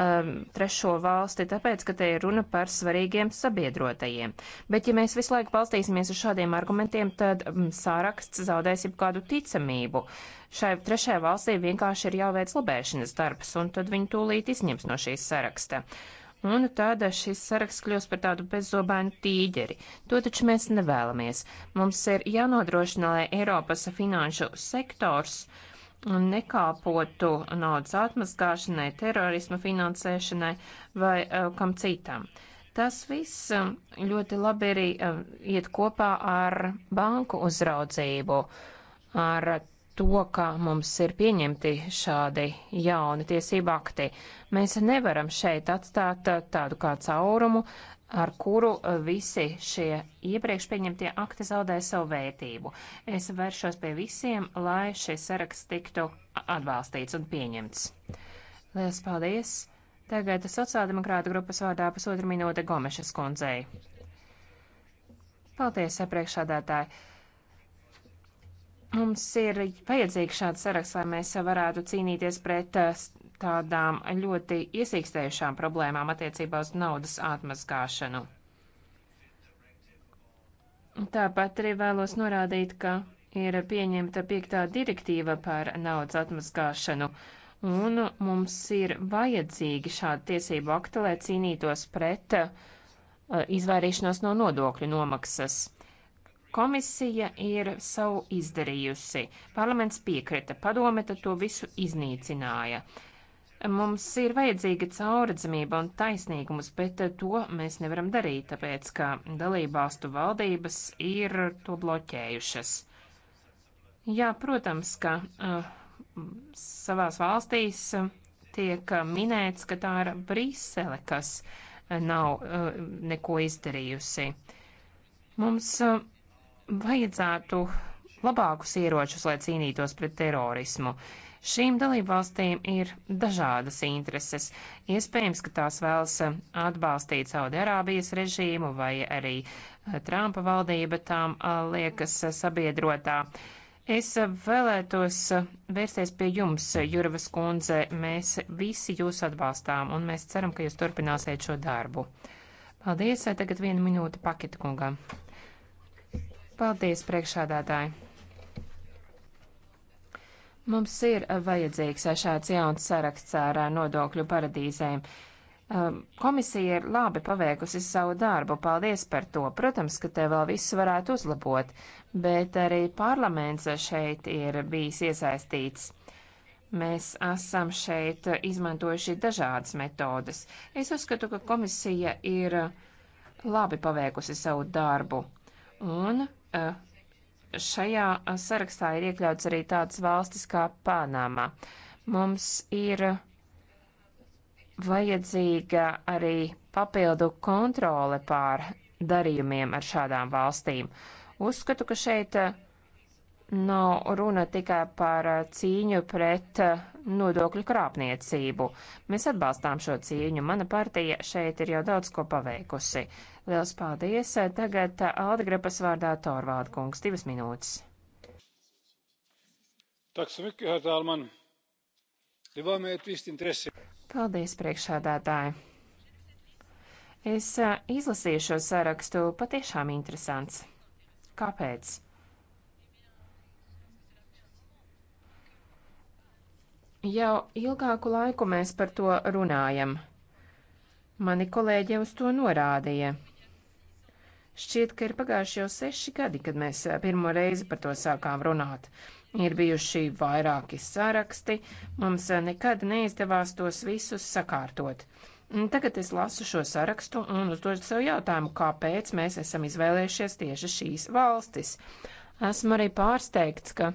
um, trešo valsti, tāpēc, ka te ir runa par svarīgiem sabiedrotajiem. Bet, ja mēs visu laiku balstīsimies uz šādiem argumentiem, tad um, sāraksts zaudēs jau kādu ticamību. Šai trešajai valstī vienkārši ir jāveic labēšanas darbs, un tad viņi tūlīt izņems no šīs saraksta. Un tad šis saraksts kļūst par tādu bezzobainu tīģeri. To taču mēs nevēlamies. Mums ir jānodrošina, lai Eiropas finanšu sektors uh, nekāpotu naudas atmaskāšanai, terorisma finansēšanai vai eh, kam citam. Tas viss eh, ļoti labi arī eh, iet kopā ar banku uzraudzību, ar to, ka mums ir pieņemti šādi jauni tiesību akti. Mēs nevaram šeit atstāt tādu kā caurumu, ar kuru eh, visi šie iepriekš pieņemtie akti zaudē savu vērtību. Es vēršos pie visiem, lai šis saraksts tiktu atbalstīts un pieņemts. Lielas paldies! Tagad sociāldemokrāta grupas vārdā pusotra minūte Gomešas kundzei. Paldies, priekšādātāji! Mums ir vajadzīgs šāds saraksts, lai mēs varētu cīnīties pret eh, tādām ļoti iesīkstējušām problēmām attiecībā uz naudas atmazgāšanu. Tāpat arī vēlos norādīt, ka ir pieņemta piektā direktīva par naudas atmazgāšanu, un mums ir vajadzīgi šādi tiesību akti, lai cīnītos pret uh, izvairīšanos no nodokļu nomaksas. Komisija ir savu izdarījusi, parlaments piekrita, padome to visu iznīcināja. Uh, Mums ir vajadzīga caurredzamība un taisnīgums, bet eh, to mēs nevaram darīt, tāpēc ka dalībvalstu valdības ir to bloķējušas. Jā, protams, ka uh, savās valstīs eh, tiek minēts, ka tā ir Brisele, kas nav uh, neko izdarījusi. Mums uh, vajadzētu labākus ieročus, lai cīnītos pret terorismu. Uh, Šīm dalībvalstīm ir dažādas intereses. Iespējams, ka tās vēlas atbalstīt Saudi-Arābijas režīmu vai arī eh, Trumpa valdība tām eh, liekas eh, sabiedrotā. Es vēlētos vērsties pie jums, Juravas kundze. Mēs visi jūs atbalstām un mēs ceram, ka jūs turpināsiet šo darbu. Paldies, tagad viena minūte paketa kungam. Paldies, priekšādātāji! Mums ir eh, vajadzīgs eh, šāds jauns saraksts ar eh, nodokļu paradīzēm. Komisija ir labi paveikusi savu darbu, paldies par to. Protams, ka te vēl viss varētu uzlabot, bet arī parlaments šeit ir bijis iesaistīts. Mēs esam šeit izmantojuši dažādas metodas. Es uzskatu, ka komisija ir labi paveikusi savu darbu. Un uh, Šajā sarakstā ir iekļauts arī tādas valstis kā Panama. Mums ir vajadzīga arī papildu kontrole pār darījumiem ar šādām valstīm. Uzskatu, ka šeit eh, nav runa tikai par eh, cīņu pret eh, nodokļu krāpniecību. Mēs atbalstām šo cīņu. Mana partija šeit ir jau daudz ko paveikusi. Liels paldies! Tagad Alda Grepas vārdā Torvāda kungs, divas minūtes. Nu, paldies, priekšādātāji! Es izlasīju šo sarakstu patiešām interesants. Kāpēc? Jau ilgāku laiku mēs par to runājam. Mani kolēģi uz to norādīja. Šķiet, ka ir pagājuši jau seši gadi, kad mēs eh, pirmo reizi par to sākām runāt. Ir bijuši vairāki saraksti, mums eh, nekad neizdevās tos visus sakārtot. Mm, tagad es lasu šo sarakstu un uzdošu sev jautājumu, kāpēc mēs esam izvēlējušies tieši šīs valstis. Esmu arī pārsteigts, ka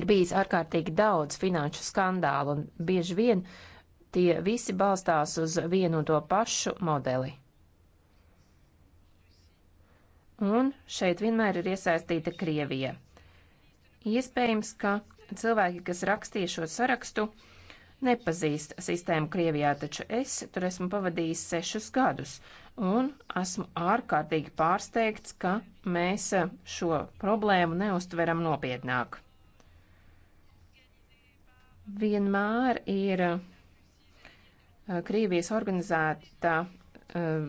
ir bijis ārkārtīgi daudz finanšu skandālu un bieži vien tie visi balstās uz vienu un to pašu modeli un šeit vienmēr ir iesaistīta Krievija. Iespējams, ka cilvēki, kas rakstīja šo sarakstu, nepazīst sistēmu Krievijā, taču es tur esmu pavadījis sešus gadus, un esmu ārkārtīgi pārsteigts, ka mēs šo problēmu neustveram nopietnāk. Vienmēr ir eh, Krievijas organizēta um,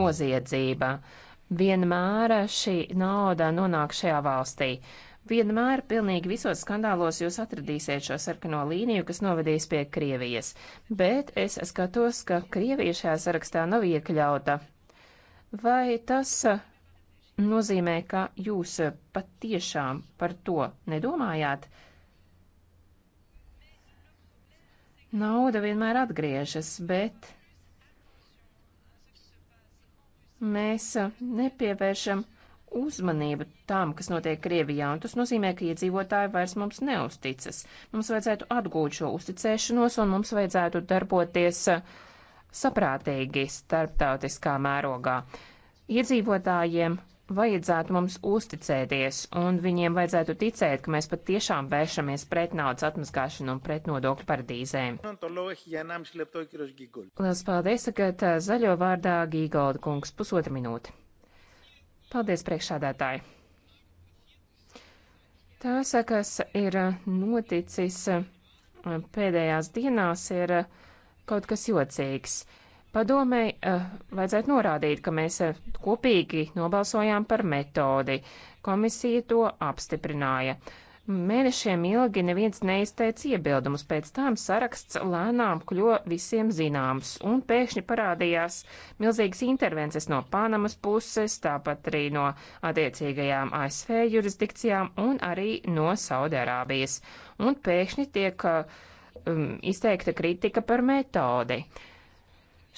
noziedzība. Uh, vienmēr šī nauda nonāk šajā valstī. Vienmēr pilnīgi visos skandālos jūs atradīsiet šo sarkano līniju, kas novedīs pie Krievijas, bet es skatos, ka Krievija šajā sarakstā nav iekļauta. Vai tas nozīmē, ka jūs patiešām par to nedomājāt? Nauda vienmēr atgriežas, bet mēs eh, nepievēršam uzmanību tam, kas notiek Krievijā, un tas nozīmē, ka iedzīvotāji vairs mums neusticas. Mums vajadzētu atgūt šo uzticēšanos, un mums vajadzētu darboties eh, saprātīgi starptautiskā mērogā. Iedzīvotājiem vajadzētu mums uzticēties, un viņiem vajadzētu ticēt, ka mēs patiešām vēršamies pret naudas atmaskāšanu un pret nodokļu paradīzēm. Lielas paldies, tagad zaļo vārdā Gīgolda kungs, pusotra minūte. Paldies, priekšādātāji. Tās, kas ir noticis pēdējās dienās, ir kaut kas jocīgs. Padomēji eh, vajadzētu norādīt, ka mēs eh, kopīgi nobalsojām par metodi. Komisija to apstiprināja. Mēnešiem ilgi neviens neizteica iebildumus, pēc tam saraksts lēnām kļo visiem zināms, un pēkšņi parādījās milzīgas intervences no Panamas puses, tāpat arī no attiecīgajām ASV jurisdikcijām un arī no Saudērābijas. Un pēkšņi tiek eh, um, izteikta kritika par metodi. Uh,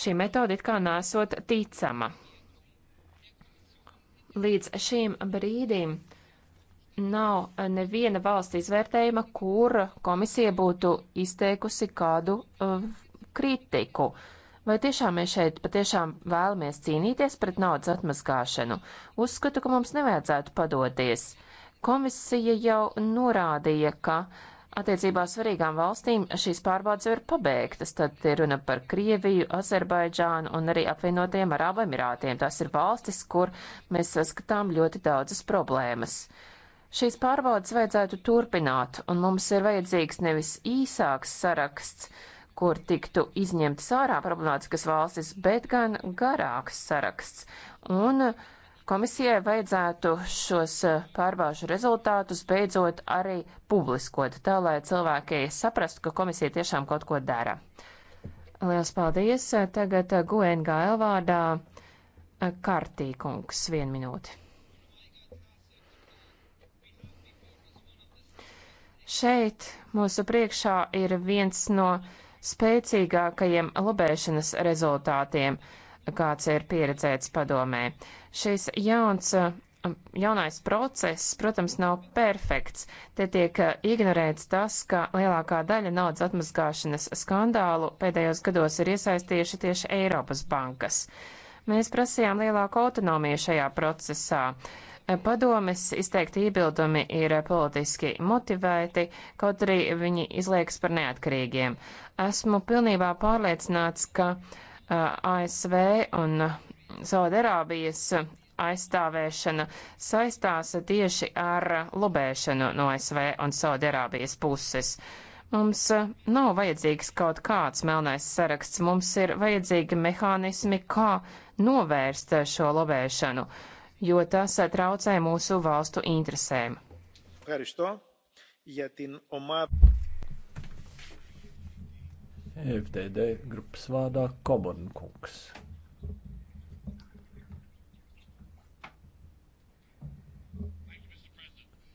Šī metode it kā nesot ticama. Līdz šim brīdim nav neviena valsts izvērtējuma, kur komisija būtu izteikusi kādu uh, kritiku. Vai tiešām mēs šeit patiešām vēlamies cīnīties pret naudas atmazgāšanu? Uzskatu, ka mums nevajadzētu padoties. Komisija jau norādīja, ka uh, Attiecībā svarīgām valstīm šīs pārbaudas jau ir pabeigtas, tad ir runa par Krieviju, Azerbaidžānu un arī apvienotiem Arābu Emirātiem. Tās ir valstis, kur mēs saskatām ļoti daudzas problēmas. Šīs pārbaudas vajadzētu turpināt, un mums ir vajadzīgs nevis īsāks saraksts, kur tiktu izņemtas ārā problemātiskas valstis, bet gan garāks saraksts. Un uh, Komisijai vajadzētu šos e, pārbaužu rezultātus beidzot arī publiskot, tā lai cilvēki saprastu, ka komisija tiešām kaut ko dara. Lielas paldies! Tagad e, GNGL vārdā e, Kartīkungs, vien minūti. Šeit mūsu priekšā ir viens no spēcīgākajiem lobēšanas rezultātiem. Uh, kāds ir pieredzēts padomē. Šis jauns, uh, jaunais process, protams, nav perfekts. Te tiek uh, ignorēts tas, ka lielākā daļa naudas atmazgāšanas skandālu pēdējos gados ir iesaistījuši tieši Eiropas bankas. Mēs prasījām lielāku autonomiju šajā procesā. Padomes izteikti iebildumi ir politiski motivēti, kaut arī viņi izliekas par neatkarīgiem. Esmu pilnībā pārliecināts, ka uh, ASV un Saudarābijas aizstāvēšana saistās tieši ar lobēšanu no ASV un Saudarābijas puses. Mums nav vajadzīgs kaut kāds melnais saraksts, mums ir vajadzīgi mehānismi, kā novērst šo lobēšanu, jo tas traucē mūsu valstu interesēm. Ευχαριστώ για την ομάδα. E FDD grupas vārdā Kobonkungs.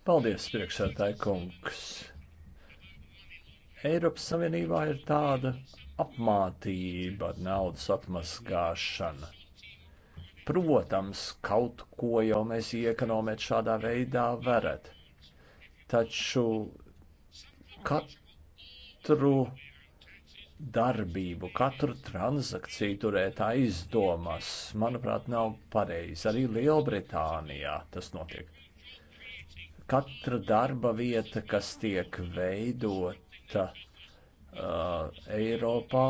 Paldies, priekšsētāji kungs. Eiropas Savienībā ir tāda apmātība ar naudas atmazgāšanu. Protams, kaut ko jau mēs iekonomēt šādā veidā varat. Taču katru darbību, katru transakciju turēt aizdomās, manuprāt, nav pareizi. Arī Lielbritānijā tas notiek. Katra darba vieta, kas tiek veidota uh, Eiropā,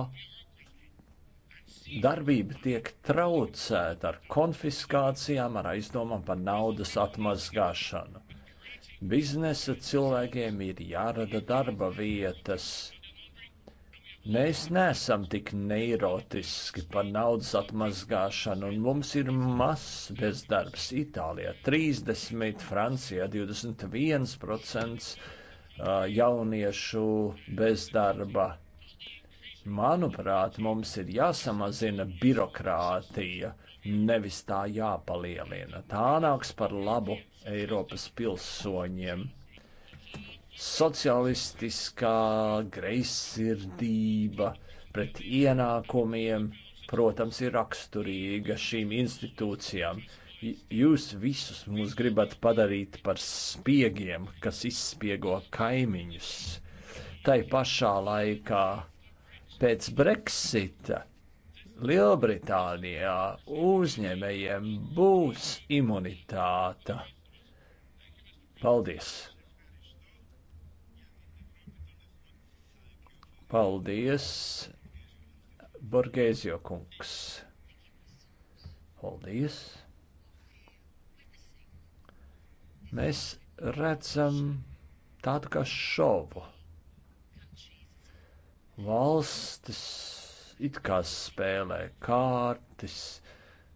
darbība tiek traucēta ar konfiskācijām, ar aizdomām par naudas atmazgāšanu. Biznesa cilvēkiem ir jārada darba vietas Mēs neesam tik neirotiski par naudas atmazgāšanu, un mums ir mazs bezdarbs. Itālijā 30, Francijā 21% jauniešu bezdarba. Manuprāt, mums ir jāsamazina birokrātija, nevis tā jāpalielina. Tā nāks par labu Eiropas pilsoņiem socialistiskā greizsirdība pret ienākumiem, protams, ir raksturīga šīm institūcijām. Jūs visus mūs gribat padarīt par spiegiem, kas izspiego kaimiņus. Tai pašā laikā pēc Brexita Lielbritānijā uzņēmējiem būs imunitāte. Paldies! Paldies, Borgēzio kungs. Paldies. Mēs redzam tādu kā šovu. Valstis it kā spēlē kārtis.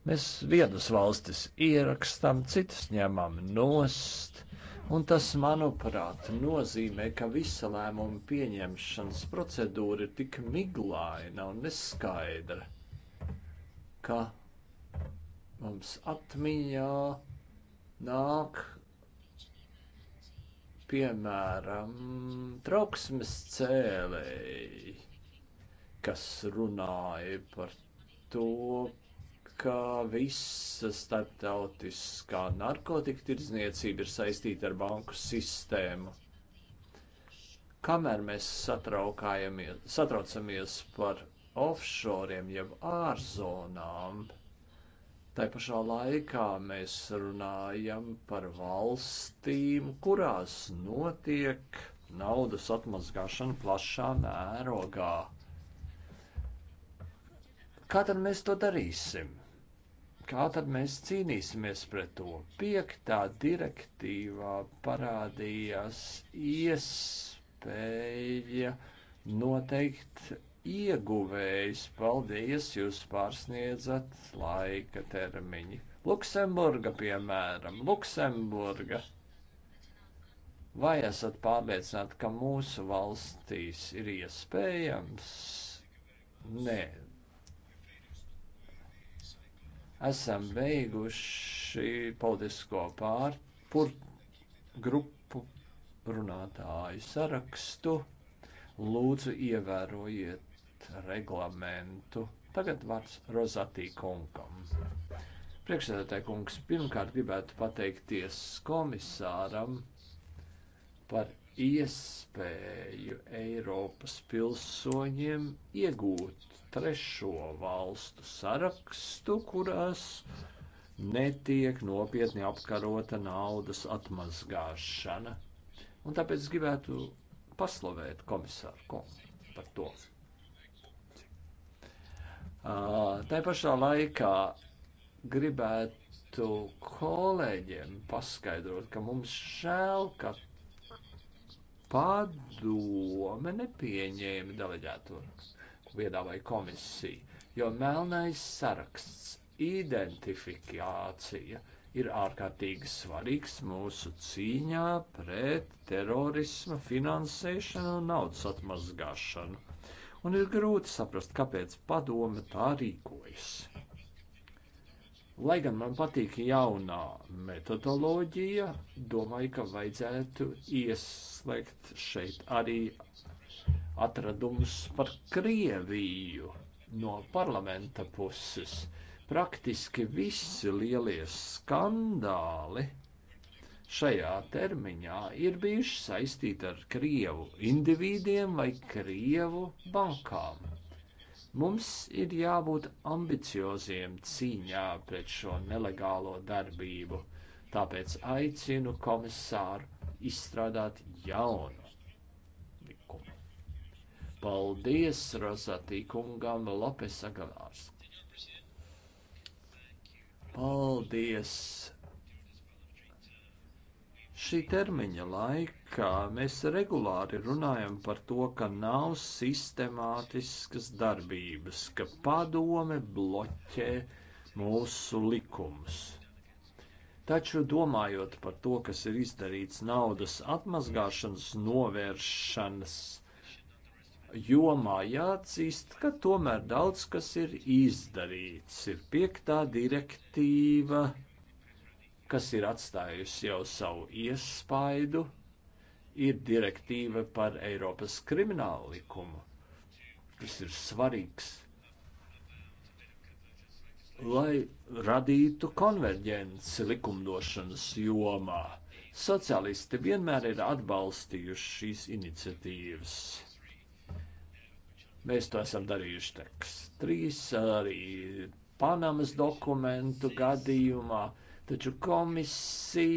Mēs vienas valstis ierakstam, citas ņemam nost Un tas, manuprāt, nozīmē, ka visa lēmuma pieņemšanas procedūra ir tik miglaina un neskaidra, ka mums atmiņā nāk, piemēram, trauksmes cēlēji, kas runāja par to, ka visa starptautiskā narkotika tirdzniecība ir saistīta ar banku sistēmu. Kamēr mēs satraucamies par offshoriem jeb ārzonām, tai pašā laikā mēs runājam par valstīm, kurās notiek naudas atmazgāšana plašā mērogā. Kā tad mēs to darīsim? Kā tad mēs cīnīsimies pret to? Piektā direktīvā parādījās iespēja noteikt ieguvējs. Paldies, jūs pārsniedzat laika termiņi. Luksemburga, piemēram, Luksemburga. Vai esat pārliecināti, ka mūsu valstīs ir iespējams? Nē, esam beiguši politisko pārpur grupu runātāju sarakstu. Lūdzu, ievērojiet reglamentu. Tagad vārds Rozatī kungam. Priekšsēdētāji kungs, pirmkārt gribētu pateikties komisāram par iespēju Eiropas pilsoņiem iegūt trešo valstu sarakstu, kurās netiek nopietni apkarota naudas atmazgāšana. Un tāpēc gribētu paslavēt komisāru Komu par to. Tā pašā laikā gribētu kolēģiem paskaidrot, ka mums žēl, ka padome nepieņēma deleģēto piedāvāja komisija, jo melnais saraksts, identifikācija ir ārkārtīgi svarīgs mūsu cīņā pret terorisma finansēšanu un naudas atmazgāšanu. Un ir grūti saprast, kāpēc padome tā rīkojas. Lai gan man patīk jaunā metodoloģija, domāju, ka vajadzētu ieslēgt šeit arī atradumus par Krieviju no parlamenta puses. Praktiski visi lielie skandāli šajā termiņā ir bijuši saistīti ar Krievu individiem vai Krievu bankām. Mums ir jābūt ambicioziem cīņā pret šo nelegālo darbību, tāpēc aicinu komisāru izstrādāt jaunu likumu. Paldies Rozatī kungam Lopes Agavārs. Paldies! Šī termiņa laika laikā mēs regulāri runājam par to, ka nav sistemātiskas darbības, ka padome bloķē mūsu likumus. Taču domājot par to, kas ir izdarīts naudas atmazgāšanas novēršanas jomā, jāatzīst, ka tomēr daudz kas ir izdarīts. Ir piektā direktīva, kas ir atstājusi jau savu iespaidu, ir direktīva par Eiropas kriminālu likumu. Tas ir svarīgs, lai radītu konverģenci likumdošanas jomā. Sociālisti vienmēr ir atbalstījuši šīs iniciatīvas. Mēs to esam darījuši teksts. Trīs arī Panamas dokumentu gadījumā, taču komisija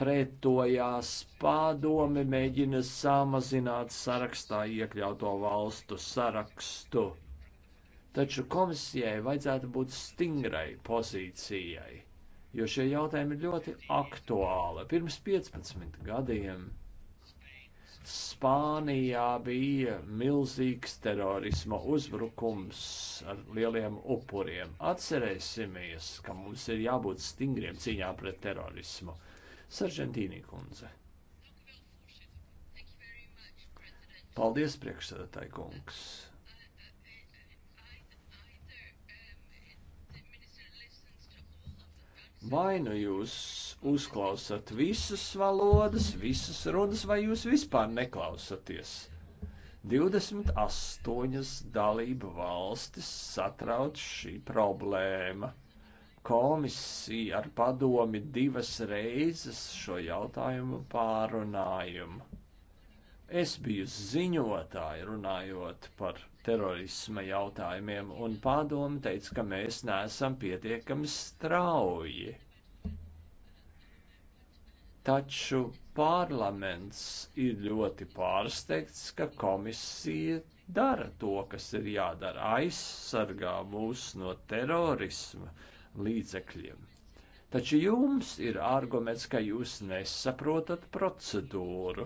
pretojās pādome, mēģina samazināt sarakstā iekļauto valstu sarakstu. Taču komisijai vajadzētu būt stingrai pozīcijai, jo šie jautājumi ir ļoti aktuāli. Pirms 15 gadiem Spānijā bija milzīgs terorisma uzbrukums ar lieliem upuriem. Atcerēsimies, ka mums ir jābūt stingriem cīņā pret terorismu. Sargentīnī kundze. Paldies, priekšsēdētāji kungs. Vai nu jūs uzklausat visas valodas, visas runas, vai jūs vispār neklausaties? 28 dalību valstis satrauc šī problēma komisija ar padomi divas reizes šo jautājumu pārunājumu. Es biju ziņotāji runājot par terorisma jautājumiem, un padomi teica, ka mēs neesam pietiekami strauji. Taču parlaments ir ļoti pārsteigts, ka komisija dara to, kas ir jādara - aizsargā mūs no terorisma. Uh, līdzekļiem. Taču jums ir arguments, ka jūs nesaprotat procedūru.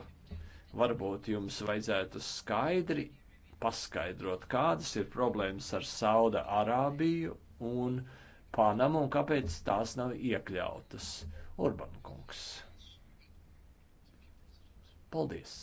Varbūt jums vajadzētu skaidri paskaidrot, kādas ir problēmas ar Sauda Arābiju un Panamu un kāpēc tās nav iekļautas. Urban kungs. Paldies!